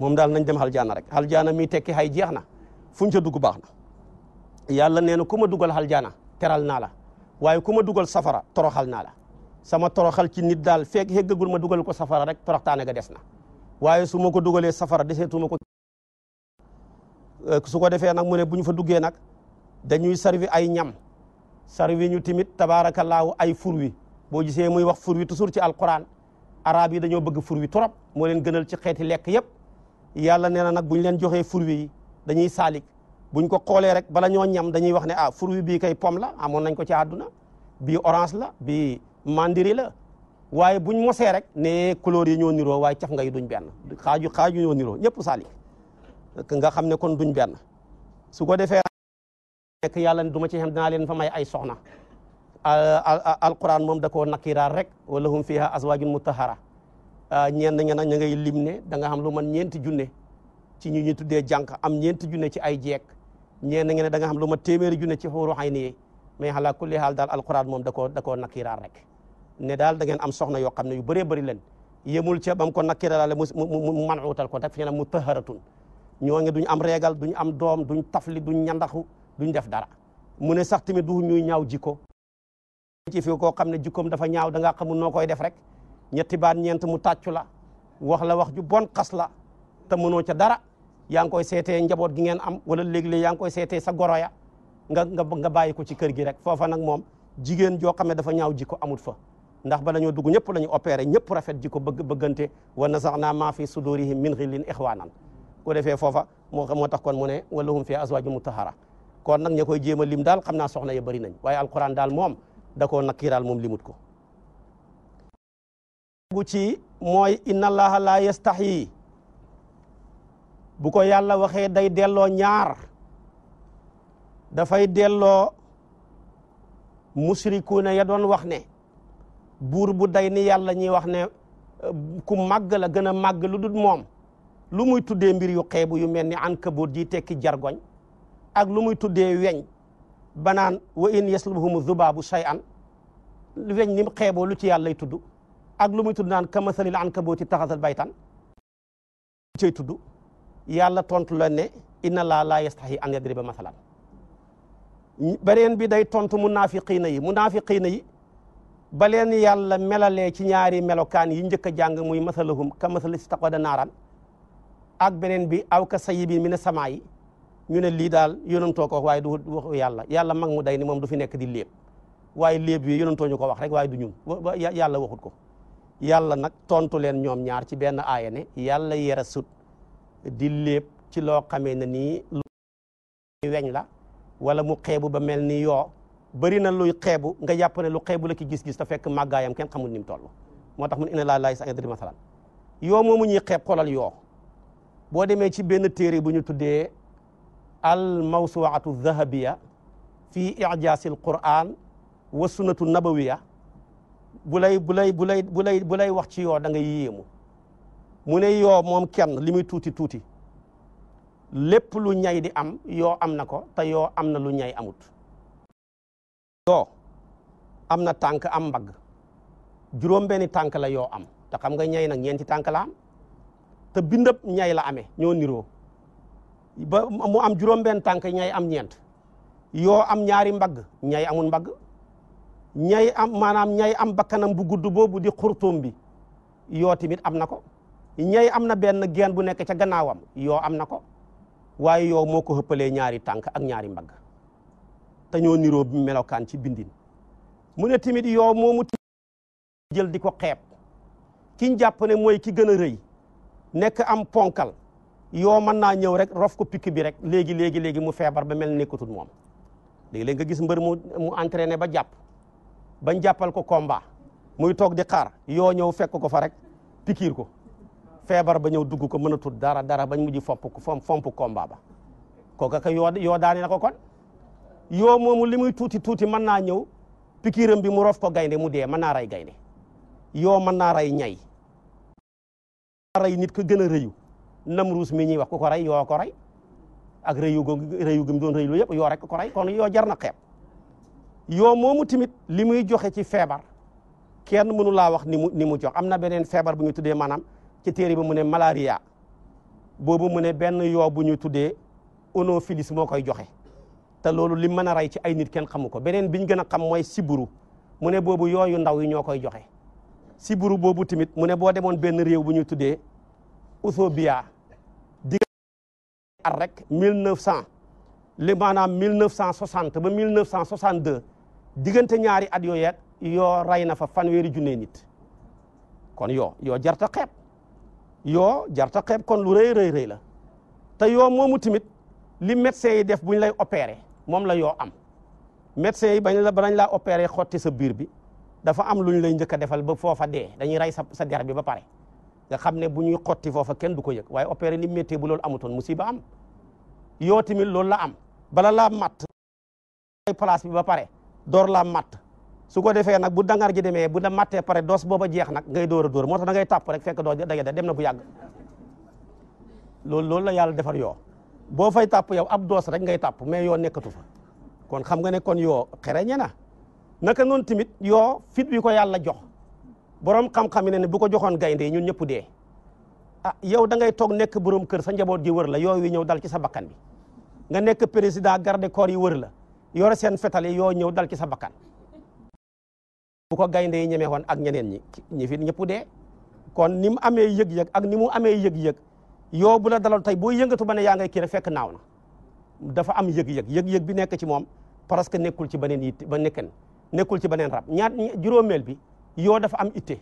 moom daal nañ dem aljaana rek aljaana mi tekki xay jeex na fu ñu ca dugg baax na yàlla nee na ku ma dugal aljaana teral naa la waaye ku ma dugal safara toroxal naa la sama toroxal ci nit daal feeg xéggagul ma dugal ko safara rek toroxtaane ga des na waaye su ma ko dugalee safara deseetuma ko euh, su ko defee nag mu ne bu ñu fa duggee nag dañuy servi ay ñam sarwi ñu tabaraka tabaarakallaahu ay fur wi boo gisee muy wax fur wi toujours ci alkuraan arab yi dañoo bëgg fur wi trop moo leen gënal ci xeeti lekk yépp yàlla nee na nag buñ leen joxee fur wi dañuy saalik buñ ko xoolee rek bala ñoo ñam dañuy wax ne ah fur wi bii kay pomme la amoon nañ ko ci àdduna bii orange la bi mandiri la waaye buñ mosee rek ne couleur yi ñoo niroo waaye caf nga yi duñ benn xaaju xaaju ñoo niroo ñëpp saalik nga xam ne kon duñ benn nekk yàlla du ma ci xem dinaa leen fa may ay soxna alquran moom da koo nakiraar rek wala hum fiha azwajun mutahara ah, ñenn ña nag ña ngay lim ne da nga xam lu man ñeenti junne ci ñu ñu tuddee jànq am ñeenti junne ci ay jeeg ñenn ña ne da xam lu ma téeméeri junne ci xuuru xay nii mais xalaa kulli xaal daal alquran moom da koo da koo nakiraar rek ne daal da ngeen am soxna yoo xam ne yu bëree bari leen yemul ca bam ko nakiraale mu manuutal ko def fi ne mutaharatun ñoo ngi duñ am duñ def dara mu ne sax tamit du ñuy ñaaw jikko ci fi koo xam ne jikkoom dafa ñaaw da ngaa xamul noo koy def rek ñetti baat ñeent mu tàccu la wax la wax ju bon xas la te mënoo ca dara yaa ngi koy seetee njaboot gi ngeen am wala léeg-léeg yaa ngi koy seetee sa goro ya nga nga nga bàyyi ko ci kër gi rek foofa nag moom jigéen joo xam ne dafa ñaaw jikko amut fa ndax bala ñoo dugg ñëpp la ñu opéré ñëpp rafet jikko bëgg bëggante sax nasaxnaa maa fi sudurihim min xillin ixwaanan ko defee foofa moo moo tax kon mu ne walahum fi azwaajun mutahhara kon nag ña koy jéem a lim daal xam naa soxna ya bari nañ waaye alquran daal moom da koo nakkiiraal moom limut ko gu ci mooy inna allaha la yastahi bu ko yàlla waxee day delloo ñaar dafay delloo musrikuuna ya doon wax ne buur bu day ni yàlla ñuy wax ne ku màgg la gën a màgg lu dul moom lu muy tuddee mbir yu xeebu yu mel ni ankabóot ji tekki jargoñ ak lu muy tuddee weñ banaan wa in yaslubhumu zubaabu shay'an weñ ni mu xeeboo lu ci yàllay tudd ak lu muy tudd naan kamasalil ankabooti taxasal baytan cay tudd yàlla tontu la ne inna laa laa yastahi an yadriba masalan beneen bi day tontu munaafiqiina yi munaafiqiina yi ba leen yàlla melalee ci ñaari melokaan yi njëkk a jàng muy masalahum ka masali staqada naaran ak beneen bi aw ka sayyibin mina samaa'i ñu ne lii daal yonantoo ko wax waaye du waxu yàlla yàlla mag mu day ni moom du fi nekk di léeb waaye léeb bi too ñu ko wax rek waaye du ñun yàlla waxut ko yàlla nag tontu leen ñoom ñaar ci benn aaya ne yàlla yera sut di léeb ci loo xamee ne nii lu weñ la wala mu xeebu ba mel ni yoo bari na luy xeebu nga jàpp ne lu xeebu la ki gis-gis te fekk màggaayam ken xamul ni mu toll moo tax mun ina laa laay sa adri masalan yoo moomu ñuy xeeb xoolal yoo boo al mawsuwaatu dahabiya fii ijaasil qur'an wa sunnatu nabawiya bu lay bu lay bu wax ci yoo da nga yéemu mu ne yoo moom kenn li muy tuuti tuuti lépp lu ñay di am yoo am na ko te yoo am na lu ñay amut yoo am na tànk am mbagg juróom-benni tànk la yoo am te xam nga ñay nag ñeenti tànk la am te bindab ñay la amee ñoo niroo ba mu am juróom-benn tànk ñay am ñeent yoo am ñaari mbagg ñay amul mbagg ñay am maanaam ñay am bakkanam bu gudd boobu di xurtuum bi yoo tamit am na ko ñay am na benn geen bu nekke ca gannaawam yoo am na ko waaye yow moo ko xëppalee ñaari tànk ak ñaari mbagg te ñoo niroo melokaan ci bindin mu ne tamit yow moomu jël di ko xeeb kiñ jàpp ne mooy ki gën a rëy nekk am ponkal yoo mën naa ñëw rek rof ko pikk bi rek léegi léegi léegi mu feebar ba mel nekkatul moom léegi-léeg nga gis mbër mu mu entraîné ba jàpp bañ jàppal ko combat muy toog di xaar yoo ñëw fekk ko fa rek pikiir ko feebar ba ñëw dugg ko mënatul dara dara bañ mujj fomp ko fomp combat ba kooka ka yoo yoo na ko kon yoo moomu li muy tuuti tuuti mën naa ñëw pikiiram bi mu rof ko gaynde mu dee mën naa rey gaynde yoo mën naa rey ñay rey nit ko gën a rëyu Namruus mi ñuy wax ko ko rey yoo ko rey ak rëyu rëyu gi mu doon rëyu yëpp yoo rek ko rey kon yoo jar na xeeb yoo moomu tamit li muy joxe ci feebar kenn mënu laa wax ni mu ni mu jox am na beneen feebar bu ñu tuddee maanaam ci téere bi mu ne malaria boobu mu ne benn yoo bu ñu tuddee onofilis moo koy joxe te loolu li mën a rey ci ay nit kenn xamu ko beneen biñ gën a xam mooy siburu mu ne boobu yooyu ndaw yi ñoo koy joxe siburu boobu tamit mu ne boo demoon benn réew bu ñu tuddee usobia at rek mille neuf cent li maanaam mille neuf cent soixante ba mille neuf cent soixante deux diggante ñaari at yooyu yoo ray na fa fanweeri junne nit kon yoo yoo jarta xeeb yoo jarta xeeb kon lu rëy rëy rëy la te yoo moomu tamit li médecin yi def ñu lay opéré moom la yoo am médecin yi bañ la banañ laa opéré xotti sa biir bi dafa am lu ñu lay njëkk defal ba foofa dee dañu rey sa sa der bi ba pare nga xam ne bu ñuy xotti foofa kenn du ko yëg waaye opéré ni métier bu loolu amutoon musiba yoo tamit loolu la am bala laa matt place bi ba pare door laa matt su ko defee nag bu dangar ji demee bu la matee pare doos booba jeex nag ngay door door moo tax dangay ngay rek fekk doo dajade dem na bu yàgg loolu loolu la yàlla defar yoo boo fay tàpp yow ab doos rek ngay tàpp mais yoo nekkatu fa kon xam nga ne kon yoo xereñe na ka noonu tamit yoo fit bi ko yàlla jox borom xam-xam ne ne bu ko joxoon gaynde ñun ñëpp dee a ah yow da ngay toog nekk borom kër sa njaboot ji wër la yoo wi ñëw dal ci sa bakkan bi nga nekk président garde corps yi wër la yore seen fetal yi yoo ñëw dal ci sa bakkan bu ko gaynde yi ñemee woon ak ñeneen ñi ñi fi ñëpp dee kon ni mu amee yëg-yëg ak ni mu amee yëg-yëg yoo bu la dalal tey boo yëngatu ba ne yaa ngay kii rek fekk naaw na dafa am yëg-yëg yëg-yëg bi nekk ci moom parce nekkul ci beneen it ba nekken nekkul ci beneen rab ñaar juróomeel bi yoo dafa am itte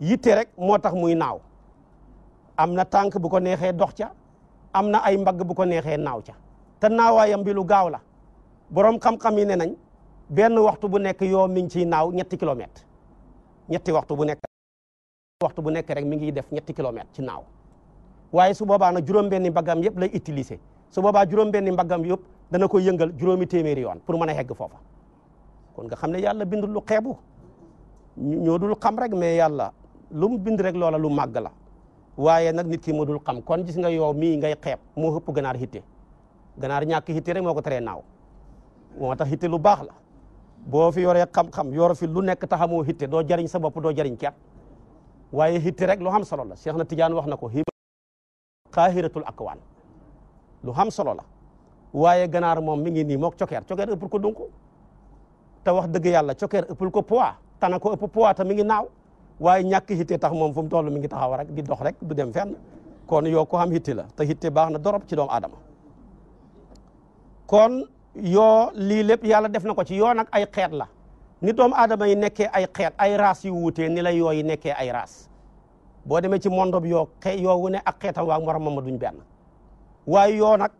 yitte rek moo tax muy naaw am na tànk bu ko neexee dox ca am na ay mbagg bu ko neexee naaw ca te naawaayam bi lu gaaw la borom xam-xam yi ne nañ benn waxtu bu nekk yoo mi ngi ciy naaw ñetti kilomètre ñetti waxtu bu nekk waxtu bu nekk rek mi ngi def ñetti kilomètre ci naaw waaye su boobaa nag juróom-benni mbaggam yëpp lay utiliser su boobaa juróom-benni mbaggam yëpp dana ko yëngal juróomi téeméeri yoon pour mën a hegg foofa kon nga xam ne yàlla bindul lu xeebu ñoo dul xam rek mais yàlla lu mu bind rek loola lu màgg la waaye nag nit ki mu dul xam kon gis nga yow mii ngay xeeb moo ëpp ganaar hitte ganaar ñàkk hitte rek moo ko teree naaw moo tax hitte lu baax la boo fi yoree xam-xam yor fi lu nekk taxamoo hitte doo jariñ sa bopp doo jariñ kenn waaye hitte rek lu xam solo la Cheikh na Tidiane wax na ko hiba xaahiratul akwaan lu xam solo la waaye ganaar moom mi nii mook cokeer cokeer ëppul ko dunku te wax dëgg yàlla cokeer ëppul ko poids tana ko ëpp poids te mi ngi naaw waaye ñàkk hitte tax moom fu mu toll mi ngi taxaw rek di dox rek du dem fenn kon yo ko am hitte la te hitte baax na dorop ci doomu aadama kon yo lii lépp yàlla def na ko ci yoo nag ay xeet la ni doom aadama yi nekkee ay xeet ay raas yu wuutee ni la yoo yi nekkee ay raas boo demee ci monde bi yo xe yoo wu ne ak xeetam waa moromam ma duñ benn waaye yoo nag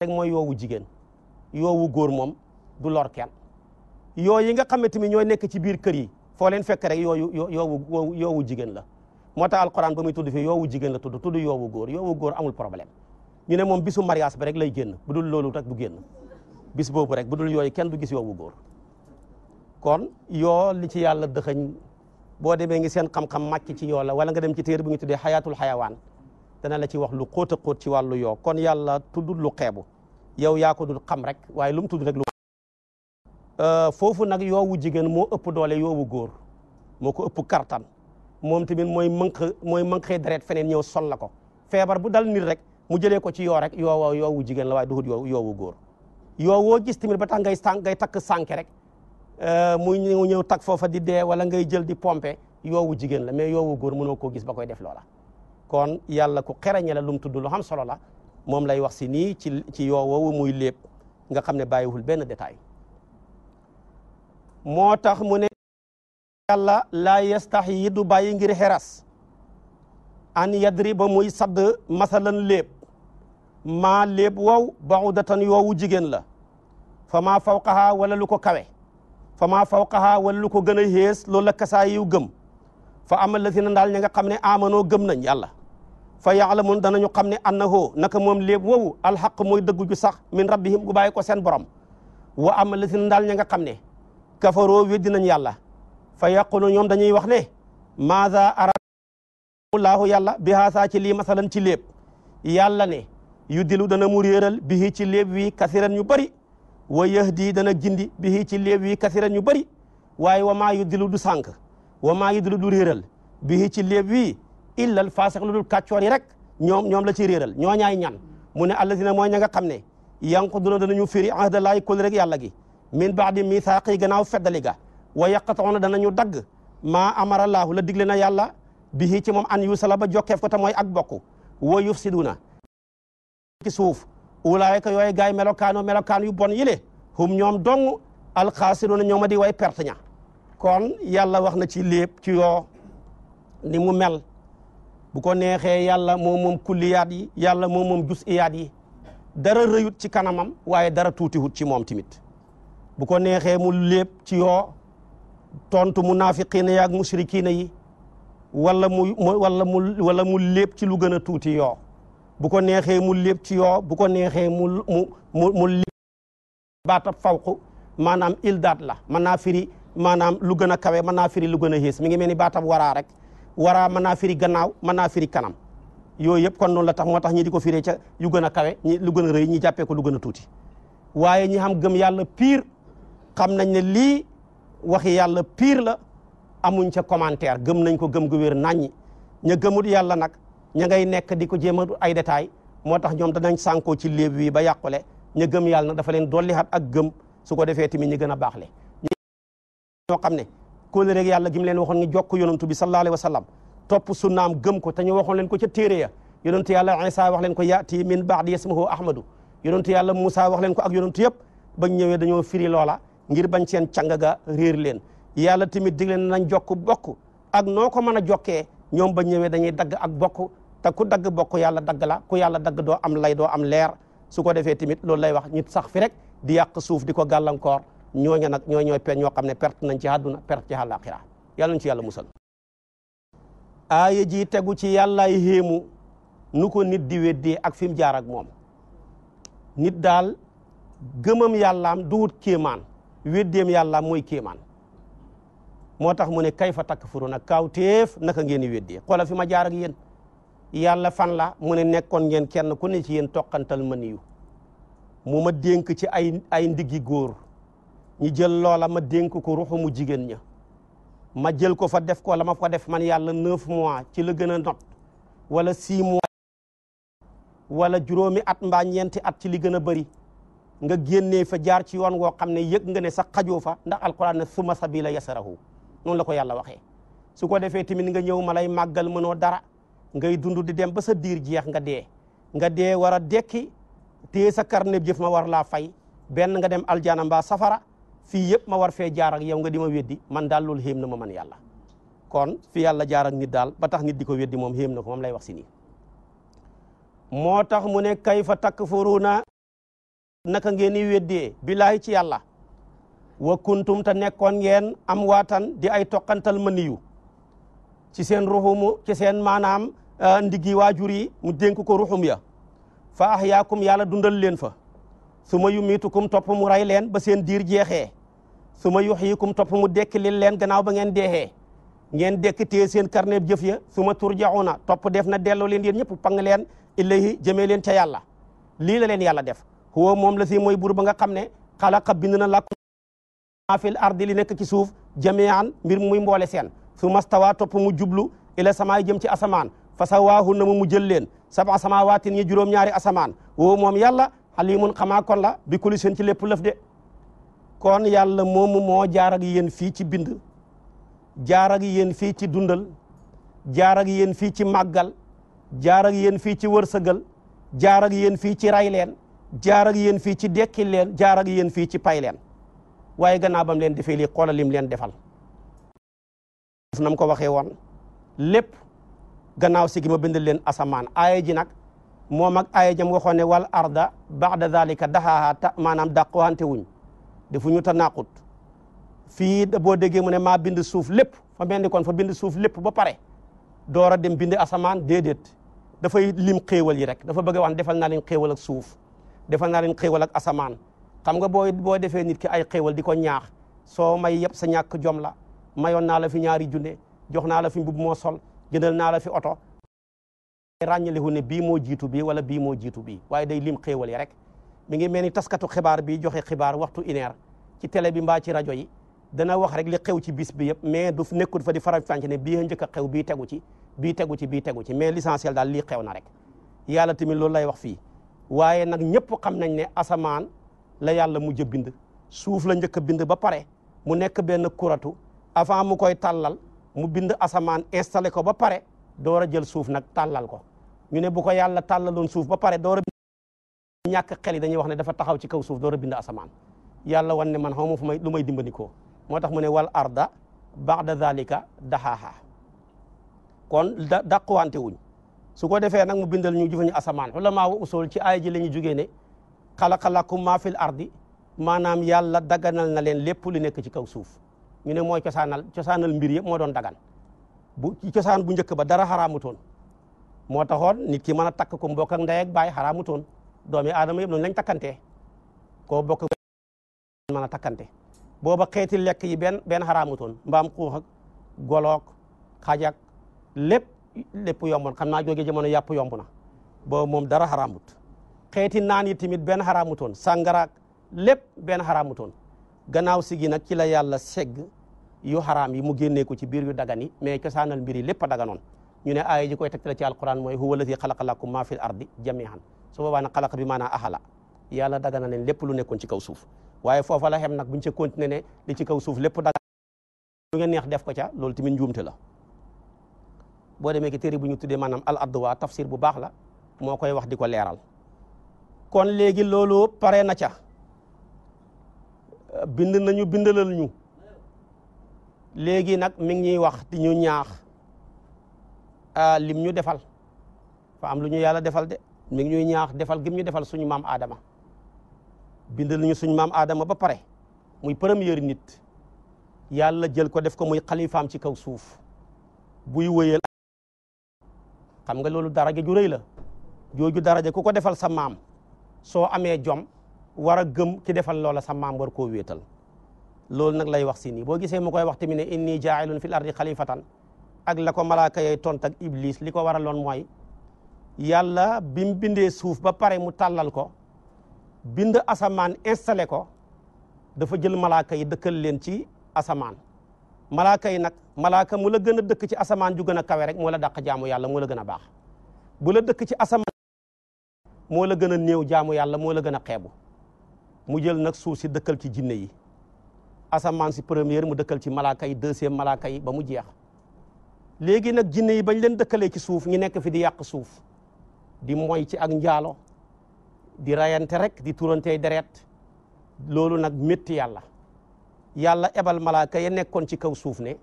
rek mooy yoowu jigéen yoowu góor moom du lor kenn yoo yi nga xamante ni ñooy nekk ci biir kër yi foo leen fekk rek yooyu yoowu yoowu jigéen la moo tax alquran ba muy tudd fi yowu jigéen la tudd tudd yoowu góor yoowu góor amul problème ñu ne moom bisu mariage bi rek lay génn bu dul loolu rek bu génn bis boobu rek bu dul yooyu kenn du gis yoowu góor kon yoo li ci yàlla dëxëñ boo demee ngi seen xam-xam màcc ci yoo la wala nga dem ci teer bu ñu tuddee xayaatul xayawaan dana la ci wax lu xóot a xóot ci wàllu yoo kon yàlla tuddul lu xeebu yow yaa dul xam rek waaye Euh, foofu nag yoowu jigéen moo ëpp doole yoowu góor moo ko ëpp kartan moom tamit mooy manq mooy manqee deret feneen ñëw sol la ko feebar bu dal nit rek mu jëlee ko ci yoo rek yoowoo yoowu jigéen la waaye duhut yoo yoowu góor woo gis tamit ba tax ngay takk sànke rek euh, muy ñëw ñëw takk foofa di dee wala ngay jël di pompe yoowu jigéen la mais yoowu góor mënoo koo gis ba koy def loola kon yàlla ku xerañe la lu mu tudd lu xam solo la moom lay wax si nii ci ci yoowoowu muy lépp nga xam ne bàyyiwul benn détail moo tax mu ne yàlla laa yastaxyi du bàyyi ngir xeras an yadri ba muy sadd masalan léeb maa léeb wow baxudatan yoowu jigéen la fa maa fawqahaa wala lu ko kawe fa maa fawqahaa wala lu ko gën a xées loolu la kasaa yiw gëm fa amal la si na daal ña nga xam ne amanoo gëm nañ yàlla fa yaalamun danañu xam ne annahoo naka moom léeb wow alxaq mooy dëgg ju sax min rabbihim gu bàyyi ko seen borom wa amal la daal ña nga xam ne kafaroo weddi nañ yàlla fa yaqulu ñoom dañuy wax ne maasa aralaahu yàlla bi haasaa ci lii masalan ci léeb yàlla ne yu dilu dana mu réeral bihi ci léeb wi kasiran yu bëri wa yahdi dana gindi bihi ci léeb wi kasiran ñu bëri waaye wa maa yu dilu du sànq wa maa yu dilu du réeral bihi ci léeb wi illal faasiq lu dul kàccoor yi rek ñoom ñoom la ci réeral ñoo ñaay ñan mu ne allazina mooy ña nga xam ne yanquduna danañu firi ahdallahi kul rek yàlla gi min baadi mithaaqi gannaaw feddali ga wa yaqatuna danañu dagg maa amara laahu la digle na yàlla bihi ci moom an yusala ba jokkeef ko te mooy ak bokk wa yufsiduna ci suuf ulaayka yooyu gaay melokaano melokaan yu bon yile hum ñoom dong alxaasiruna ñooma di way perte ña kon yàlla wax na ci lépp ci yoo ni mu mel bu ko neexee yàlla moom moom kulliyaat yi yàlla moom moom jusiyaat yi dara rëyut ci kanamam waaye dara tuutiwut ci moom tamit bu ko neexee mu lépp ci yoo tontu munaafiqiina yaag musrikiina yi walla mu wala mu wala mu lépp ci lu gën a tuuti yoo bu ko neexee mu lépp ci yoo bu ko neexee mu mu mu mu lépp baatab fawqu maanaam ildaat la mën naa firi maanaam lu gën a kawe mën naa firi lu gën a xiis mi ngi mel ni baatab waraa rek waraa mën naa firi gannaaw mën naa firi kanam yooyu yëpp kon noonu la tax moo tax ñi di ko firee ca yu gën a kawe ñi lu gën rëy ñi jàppee ko lu gën a tuuti waaye ñi xam gëm yàlla pire xam nañ ne lii waxi yàlla pire la amuñ ca commentaire gëm nañ ko gëm gu nañ ñi ña gëmut yàlla nag ña ngay nekk di ko jéem a ay détail moo tax ñoom nañ sànkoo ci léeb wi ba yàqule ña gëm yàlla nag dafa leen dollihat ak gëm su ko defee tamit ñi gën a baax le ñoo xam ne kóolu rek yàlla gi mu leen waxoon nga jokk yonantu bi sallallahu alayhi wa sallam topp naam gëm ko te ñu waxoon leen ko ca téere ya yonantu yàlla Isa wax leen ko yaati min ba'di ismuhu ahmadu yonantu yàlla Musa wax leen ko ak yonantu yëpp ba ñëwee dañoo firi loola ngir bañ seen canga ga réer leen yàlla tamit digle na nañ jokk bokk ak noo ko mën a jokkee ñoom ba ñëwee dañuy dagg ak bokk te dagg bokk yàlla dagg la ku yàlla dagg doo am lay doo am leer su ko defee tamit loolu lay wax ñit sax fi rek di yàq suuf di ko gàllankoor ñooñu nag ñoo ñooy pe ñoo xam ne perte nañ ci àdduna perte ci àllaaxira yàlla nañ ci yàlla musal aaya ji tegu ci yàllaay xéemu nu ko nit di weddee ak fi mu jaar ak moom nit daal gëmam yàllaam duwut kéemaan weddeem yàlla mooy kéemaan moo tax mu ne kay fa takk furu na kaawteef naka ngeen di weddee xoola fi ma jaar ak yéen yàlla fan la mu ne nekkoon ngeen kenn ku ne ci yéen toqantal ma niyu mu ma dénk ci ay ay ndiggi góor ñu jël loola ma dénk ko ruxu mu jigéen ña ma jël ko fa def ko la ma fa def man yàlla neuf mois ci la gën a not wala six mois wala juróomi at mbaa ñeenti at ci li gën a bëri nga génnee fa jaar ci yoon woo xam ne yëg nga ne sa xajoo fa ndax alquran ne suma sabila yasarahu noonu la ko yàlla waxee su ko defee tamit nga ñëw ma lay màggal mënoo dara ngay dund di dem ba sa diir jeex nga dee nga dee war a dekki téye sa kar ne jëf ma war laa fay benn nga dem aljana mbaa safara fii yëpp ma war fee jaarak ak yow nga di ma weddi man daal loolu xéem na ma man yàlla kon fi yàlla jaar ak daal ba tax nit di ko weddi moom xéem na ko moom lay wax si nii naka ngeen di weddee billaahi ci yàlla wa kuntum nekkoon ngeen am waatan di ay toqantal maniyu ci seen ruxumu ci seen maanaam euh, ndigi waajur yi mu dénk ko ruxum ya fa ahyaakum yàlla dundal leen fa su ma yumiitukum topp mu ray leen ba seen diir jeexee su ma yuxyikum topp mu dekki lil leen gannaaw ba ngeen deexee ngeen dekk téye seen karneeb jëf ya su ma turjaxuna topp def na delloo leen yéen ñëpp pang leen illahi jëmee leen ca yàlla lii la leen yàlla def huwa moom la si mooy buur ba nga xam ne xalaqa bind na làkku maa fil ardi li nekk ci suuf jamian mbir muy mboole seen su mastawa topp mu jublu ila samaay jëm ci asamaan fa sawaahu na mu mu jël leen sab'a samawaatin yi juróom-ñaari asamaan huwa moom yàlla alimun xamaa kon la bi kulli seen ci lépp lëf de kon yàlla moomu moo jaar ak yéen fii ci bind jaar ak yéen fii ci dundal jaar ak yéen fii ci màggal jaar ak yéen fii ci wërsëgal jaar ak yéen fii ci ray jaar ak yéen fii ci dekki leen jaar ak yéen fii ci pay leen waaye gannaaw bam leen defee lii xoolal lim leen defal def nam ko waxee woon lépp gannaaw si ma bindal leen asamaan aaya ji nag moom ak aaya jam waxoon ne wal arda ba'da zalika daxaaha ta maanaam dàqwante wuñ defu ñu ta naqut fii boo déggee mu ne maa bind suuf lépp fa mel ni kon fa bind suuf lépp ba pare door a dem bind asamaan déedéet dafay lim xéewal yi rek dafa bëgg a wax ne defal naa leen xéewal ak suuf defal naa leen xéewal ak asamaan xam nga boo boo defee nit ki ay xéewal di ko ñaax soo may yëpp sa ñàkk jom la mayoon naa la fi ñaari junne jox naa la fi mbubb moo sol jëndal naa la fi oto ràññalewu ne bii moo jiitu bii wala bii moo jiitu bii waaye day lim xéewal yi rek mu ngi mel ni taskatu xibaar bi joxe xibaar waxtu une ci tele bi mbaa ci rajo yi dana wax rek li xew ci bis bi yëpp mais du nekkul fa di faram fànc ne bii njëkk a xew bii tegu ci bii tegu ci bii tegu ci mais l'essentiel daal lii xew na rek yàlla tamit loolu waaye nag ñëpp xam nañ ne asamaan la yàlla mu jë bind suuf la njëkk a bind ba pare mu nekk benn kuratu avant mu koy tàllal mu bind asamaan installé ko ba pare doora jël suuf nag tàllal ko ñu ne bu ko yàlla tàllaloon suuf ba pare door a bind ñàkk xel yi dañuy wax ne dafa taxaw ci kaw suuf door a bind asamaan yàlla wan ne man xaw ma fu may lu may dimbali ko moo tax mu ne wal arda ba'da zalika dahaha kon da dàquwante wuñ su ko defee nag mu bindal ñu jëfañu asamaan ulama wa usul ci aaya ji la ñu jugee ne xalaqa lakum maa fil ardi maanaam yàlla daganal na leen lépp lu nekk ci kaw suuf ñu ne mooy cosaanal cosaanal mbir yëpp moo doon dagan bu cosaan bu njëkk ba dara xaraamutoon moo taxoon nit ki mën a takk ko mbokk ak ndey ak baay xaraamutoon doomi aadama yëpp noonu lañ takkantee koo bokk mën a takkante booba xeeti lekk yi benn benn xaraamutoon mbaam xuux ak goloog xajak lépp lépp yomboon xam naa jóge jamono yàpp yomb na ba moom dara xaraamut xeeti naan yi tamit benn xaraamutoon sàngaraak lépp benn xaraamutoon gannaaw si gi nag ci la yàlla segg yu xaraam yi mu génnee ko ci biir yu dagan yi mais cosaanal mbir yi lépp a daganoon ñu ne aaya koy tegtale ci alquran mooy huwa alladi xalaqa ma fil ardi jami'an su boobaa nag xalaqa bi maanaa axala yàlla dagana leen lépp lu nekkoon ci kaw suuf waaye foofa la xem nag buñ ci continuer ne li ci kaw suuf lépp dagan lu ngeen neex def ko ca loolu tamit njuumte la boo demee ki téere bu ñu tuddee maanaam al adduwaa tafsir bu baax la moo koy wax di ko leeral kon léegi loolu pare na ca bind nañu bindalal ñu léegi nag mi ngi ñuy wax di ñu ñaax lim ñu defal fa lu ñu yàlla defal de mi ngi ñuy ñaax defal gim ñu defal suñu maam Adama bindal ñu suñu maam Adama ba pare muy premier nit yàlla jël ko def ko muy xalifaam ci kaw suuf buy wëyal xam nga loolu daraja ju rëy la jooju daraja ku ko defal sa maam soo amee jom war a gëm ki defal loola sa maam war koo wéetal loolu nag lay wax si nii boo gisee mu koy wax tamit ne inni jaa'ilun fi ardi xalifatan ak la ko malaaka yay tont ak iblis li ko waraloon mooy yàlla bi mu bindee suuf ba pare mu tàllal ko bind asamaan installé ko dafa jël malaaka yi dëkkal leen ci asamaan malaaka yi nag malaaka mu la gën a dëkk ci asamaan ju gën a kawe rek moo la dàq jaamu yàlla mu la gën a baax bu la dëkk ci asamaan moo la gën a néew jaamu yàlla moo la gën a xeebu mu jël nag suuf si dëkkal ci jinne yi asamaan si première mu dëkkal ci malaaka yi deuxième malaaka yi ba mu jeex léegi nag jinne yi bañ leen dëkkalee ci suuf ñu nekk fi di yàq suuf di moy ci ak njaalo di rayante rek di turantey deret loolu nag métti yàlla yàlla ebal malaaka ya nekkoon ci kaw suuf ne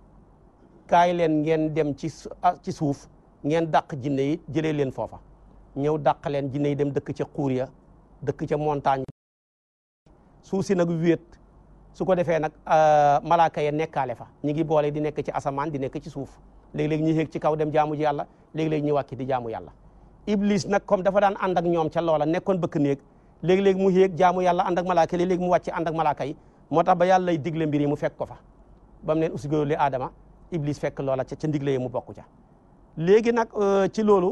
kaay leen ngeen dem ci ah, ci suuf ngeen dàq jinne yi jëlee leen foofa ñëw dàq leen jinne yi dem dëkk ca xuur ya dëkk ca montagne suuf si nag wéet su ko defee nag ah, malaaka ya nekkaale fa ñu ngi boole di nekk ci asamaan di nekk ci suuf léeg-léeg ñu yéeg ci kaw dem jaamu ji yàlla léeg-léeg ñu wàcc di jaamu yàlla iblis nag comme dafa daan ànd ak ñoom ca loola nekkoon bëkk néeg léeg-léeg mu yéeg jaamu yàlla ànd ak malaaka léeg-léeg mu ak malaaka yi moo tax ba yàlla lay digle mbir yi mu fekk ko fa ba mu neen usjudu lee aadama iblis fekk loola ca ca ndigle yi mu bokku ca léegi nag euh, ci loolu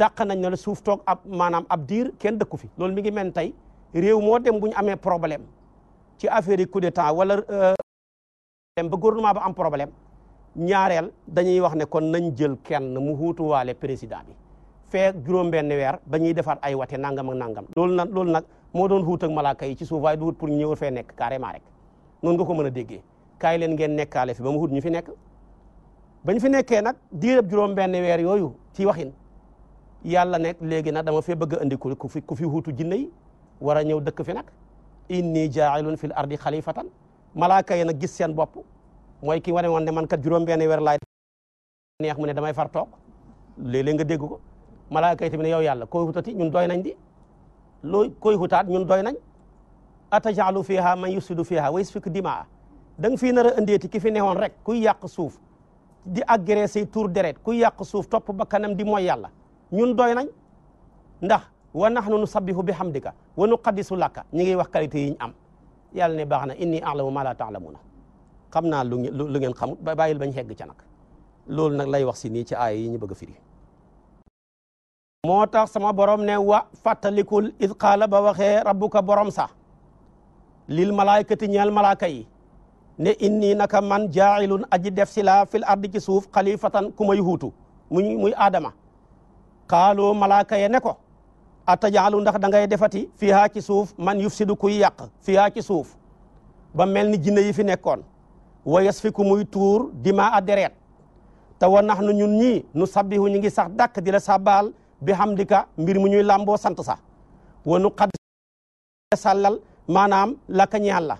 dàq nañ ne la suuf toog ab maanaam ab diir kenn dëkku fi loolu mi ngi mel tey réew moo dem bu ñu amee problème ci affaire yi coup d'état wala euh, ba gouvernement ba am problème ñaareel dañuy wax ne kon nañ jël kenn mu huutuwaale président bi feek juróom benn weer ba ñuy defaat ay wate nangam ak nangam loolu nag moo doon xuut ak malaaka yi ci suuf waaye du xuut pour ñu fee nekk carrément rek noonu nga ko mën a déggee kaay leen ngeen nekkaale fi ba mu xuut ñu fi nekk bañ fi nekkee nag diirab juróom benn weer yooyu ci waxin yàlla nekk léegi nag dama fee bëgg a andi ku fi ku fi xuutu jinne war a ñëw dëkk fi nag inni jaailun fil ardi xalifatan malaaka yi na gis seen bopp mooy ki wane woon ne man kat juróom benn weer laay neex mu ne damay far toog léeg nga dégg ko malaaka yi ne yow yàlla koo xutati ñun doy nañ di loo koy xutaat ñun doy nañ atajalu fiha man yusidu fiha wa yasfiku dimaa da nga fii nar a andeeti ki fi newoon rek kuy yàq suuf di agressé tour deret kuy yàq suuf topp ba kanam di mooy yàlla ñun doy nañ ndax wa nahnu nusabbihu bi hamdika wa nuqaddisu lakka ñi ngi wax qualité yi ñu am yàlla ne baax na inni alamu ma la taalamuuna xam naa lu ngeen xamut ba bàyyil bañ xegg ca nag loolu nag lay wax si nii ci aaya yi ñu bëgg a firi moo tax sama borom ne wa fàttalikul id qaala ba waxee rabbuka borom sax lil malaykati ñeel malaaka yi ne inni naka man jaailun aji def si laa fil ardi ci suuf xalifatan ku may huutu muy muy aadama xaaloo malaaka ye ne ko atajaalu ndax da ngay defati fiihaa ci suuf man yufsidu kuy yàq fiihaa ci suuf ba mel ni jinne yi fi nekkoon wa yasfiku muy tuur dima a deret te wa nax nu ñun ñii nu sabbihu ñu ngi sax dàkk di la bi hamdika mbir mu ñuy làmboo sant sa wanu xad sàllal maanaam laka ñaan la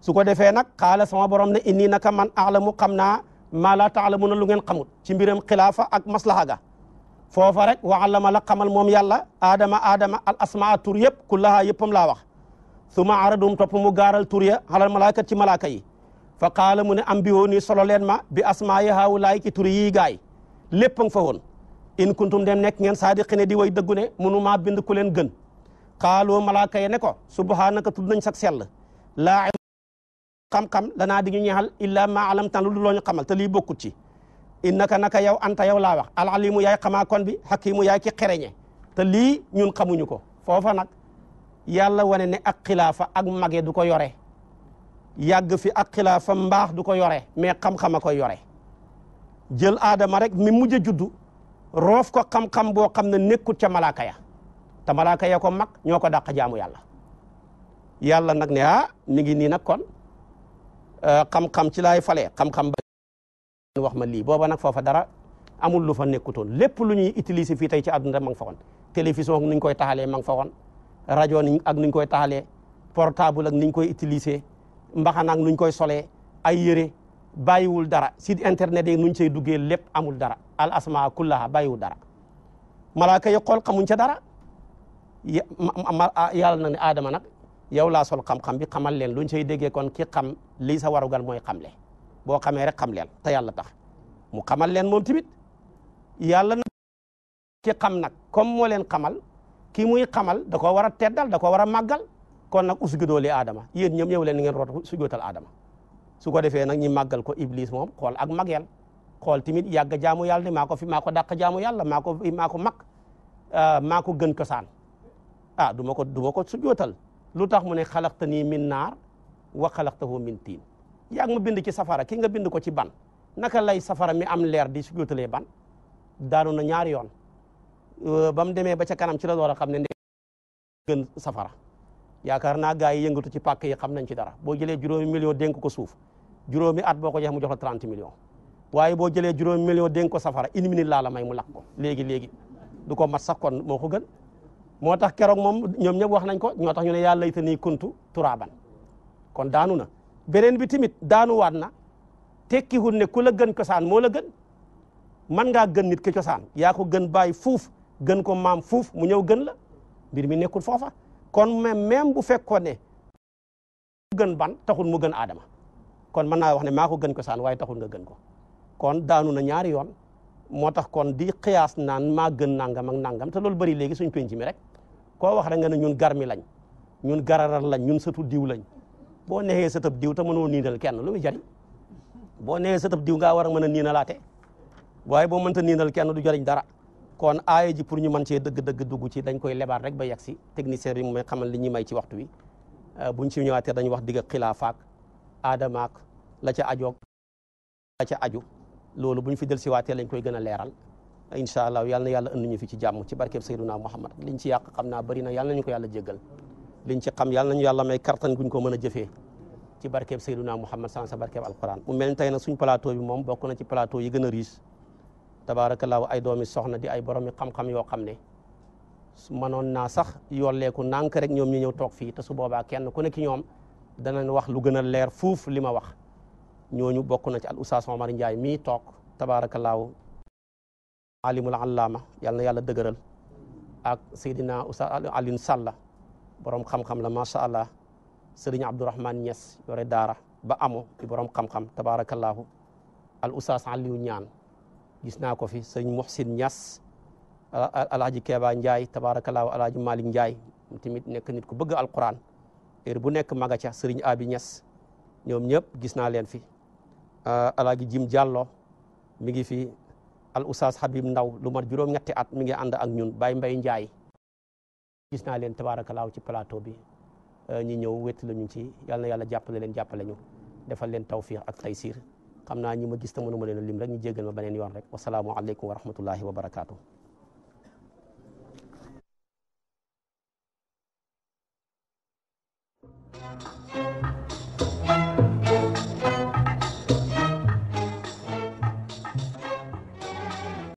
su ko defee nag xaala sama borom ne inni naka man alamu xam naa maa laa taalamuuna lu ngeen xamut ci mbiram xilaafa ak maslaha ga foofa rek wa allama la xamal moom yàlla aadama aadama al asmaa tur yëpp kullaha yëppam laa wax suma aradum topp mu gaaral tur ya xalal malaakat ci malaaka yi fa qaala mu ne am bi solo leen ma bi asmaa yi haawu laay ki tur yii gaay lépp a nga fa woon in kuntum dem nekk ngeen saadiqi ne di way dëggu ne munu maa bind ku leen gën xaaloo malaaka ye ne ko subhaanaka tudd nañ sag sell la xam-xam danaa di ñu ñeexal illaa maa alamtan lu loo ñu xamal te lii bokkut ci innaka naka yow anta yow laa wax alalimu yaay xamaa kon bi hakimu yaay ki xereñe te lii ñun xamuñu ko foofa nag yàlla wane ne ak xilaafa ak mage du ko yore yàgg fi ak xilaafa mbaax du ko yore mais xam-xam a koy yore jël aadama rek mi mujj juddu roof ko xam-xam boo xam ne nekkul ca malaaka ya te malaaka ya ko mag ñoo ko dàq jaamu yàlla yàlla nag ne ah mi ngi nii nag kon euh, xam-xam ci laay fale xam-xam ba wax ma lii booba nag foofa dara amul lu fa nekkutoon lépp lu ñuy utiliser fii tey ci àdduna ma nga fa woon télévision nuñ koy taxalee ma nga fa rajo niñ ak nuñ koy taxalee portable ak niñ koy utilise mbaxana ak nuñ koy solee ay yére bàyyiwul dara site internet yi nuñ cey duggee lépp amul dara al asmaa kullaha bàyyiwul dara malaaka yi xool xamuñ ca dara ah, yàlla nag ne aadama nag yow laa sol xam-xam bi xamal leen luñ cey déggee kon ki xam lii sa warugal mooy xamle boo xamee rek xam leen te yàlla tax mu xamal leen moom tamit yàlla nag ki xam nag comme moo leen xamal ki muy xamal da ko war a teddal da ko war a kon nag usjudoo li aadama yéen ñoom ñëw leen ni root sujootal aadama su ko defee nag ñi màggal ko iblis moom xool ak màggal xool tamit yàgg jaamu yàlla ne maa ko fi maa ko dàq jaamu yàlla maa ko maako ko mag ah, maa ko gën ko saan ah du ko du ma ko sujootal lu tax mu ne xalaqta nii min naar wa xalaqtahu min tiin yaa ma bind ci safara ki nga bind ko ci ban naka lay safara mi am leer di sujootalee ban daanu na ñaari yoon ba mu demee ba ca kanam ci la door a xam ne gën safara yaakaar naa gars yi yëngatu ci pàkk yi xam nañ ci dara boo jëlee juróomi million denk ko suuf juróomi at boo ko joxe mu jox la 30 waaye boo jëlee juróomi million dénk ko safara une minute laa may mu lakk ko léegi léegi du ko mat sax kon moo ko gën moo tax keroog moom ñoom ñëpp wax nañ ko ñoo tax ñu ne yàlla layta nii kuntu turaaban kon daanu na beneen bi tamit daanuwaat na tekkiwul ne ku la gën cosaan moo la gën man ngaa gën nit ki cosaan yaa ko gën bàyyi fuuf gën ko maam fuuf mu ñëw gën la mbir mi nekkul foofa kon même bu fekkoon ne gën ban taxul mu gën aadama kon mën naa wax ne maa ko gën ko saan waaye taxul nga gën ko kon daanu na ñaari yoon moo tax kon di xiyaas naan maa gën nangam ak nangam te loolu bëri léegi suñ penc mi rek koo wax rek nga ne ñun garmi lañ ñun gararal lañ ñun sëtu diw lañ boo neexee sëtëb diw te mënoo niinal kenn lu muy jariñ boo neexee sëtëb diw ngaa war a mën a niinalaate waaye boo ta niinal kenn du jariñ dara kon aaya ji pour ñu man cee dëgg-dëgg dugg ci dañ koy lebaat rek ba yegg si technicien bi mooy xamal li ñuy may ci waxtu wi euh, buñ ci ñëwaatee dañuy wax digg xilaafaak aadamaak la ca ajoog la ca aju loolu buñ fi del siwaatee lañ koy gën a leeral incha allah yal na yàlla ëndi fi ci jàmm ci barkeb sayyiduna muhammad liñ ci yàq xam naa bari na yàlla nañu ko yàlla jéggal liñ ci xam yàlla nañu yàlla may kartan guñ ko mën a jëfee ci barkeb sayyiduna muhammad san sa barkeb alquran mu mel tey na suñ plateau bi moom bokk na ci plateau yi gën a riche tabaarakallaahu ay doomi soxna di ay boromi xam yoo xam ne mënoon naa sax yolleeku nànk rek ñoom ñu ñëw toog fii te su boobaa kenn ku ne ki ñoom danañ wax lu gën a leer fuuf li ma wax ñooñu bokk na ci al oustaz Omar Ndiaye mii toog tabaarakallaahu alimul allaama yal na yàlla dëgëral ak seydina oustaz Alioune borom xam-xam la macha allah sëriñ Abdourahmane Niass yore daara ba amoo di borom xam-xam tabaarakallaahu al oustaz Aliou ñaan gis naa ko fi sëñ Muhsin Ñas alaaji Keeba Njaay tabaarakallaahu alaaji Malik Njaay tamit nekk nit ku bëgg alquran heure bu nekk maga ca sëriñ Abi Ñas ñoom ñëpp gis naa leen fi alaaji Jim Jàllo mi ngi fi al oustaz Habib Ndaw lu mat juróom-ñetti at mi ngi ànd ak ñun bay Mbay Njaay gis naa leen tabaarakallaahu ci plateau bi ñu ñëw wétt la ñu ci yal na yàlla jàppale leen jàppale ñu defal leen tawfiq ak taysir xam naa ñi ma gis te mënu ma leen a lim rek ñu jéggal ma beneen yoon rek wasalaamualeykum wa rahmatullahi wa barakaatu.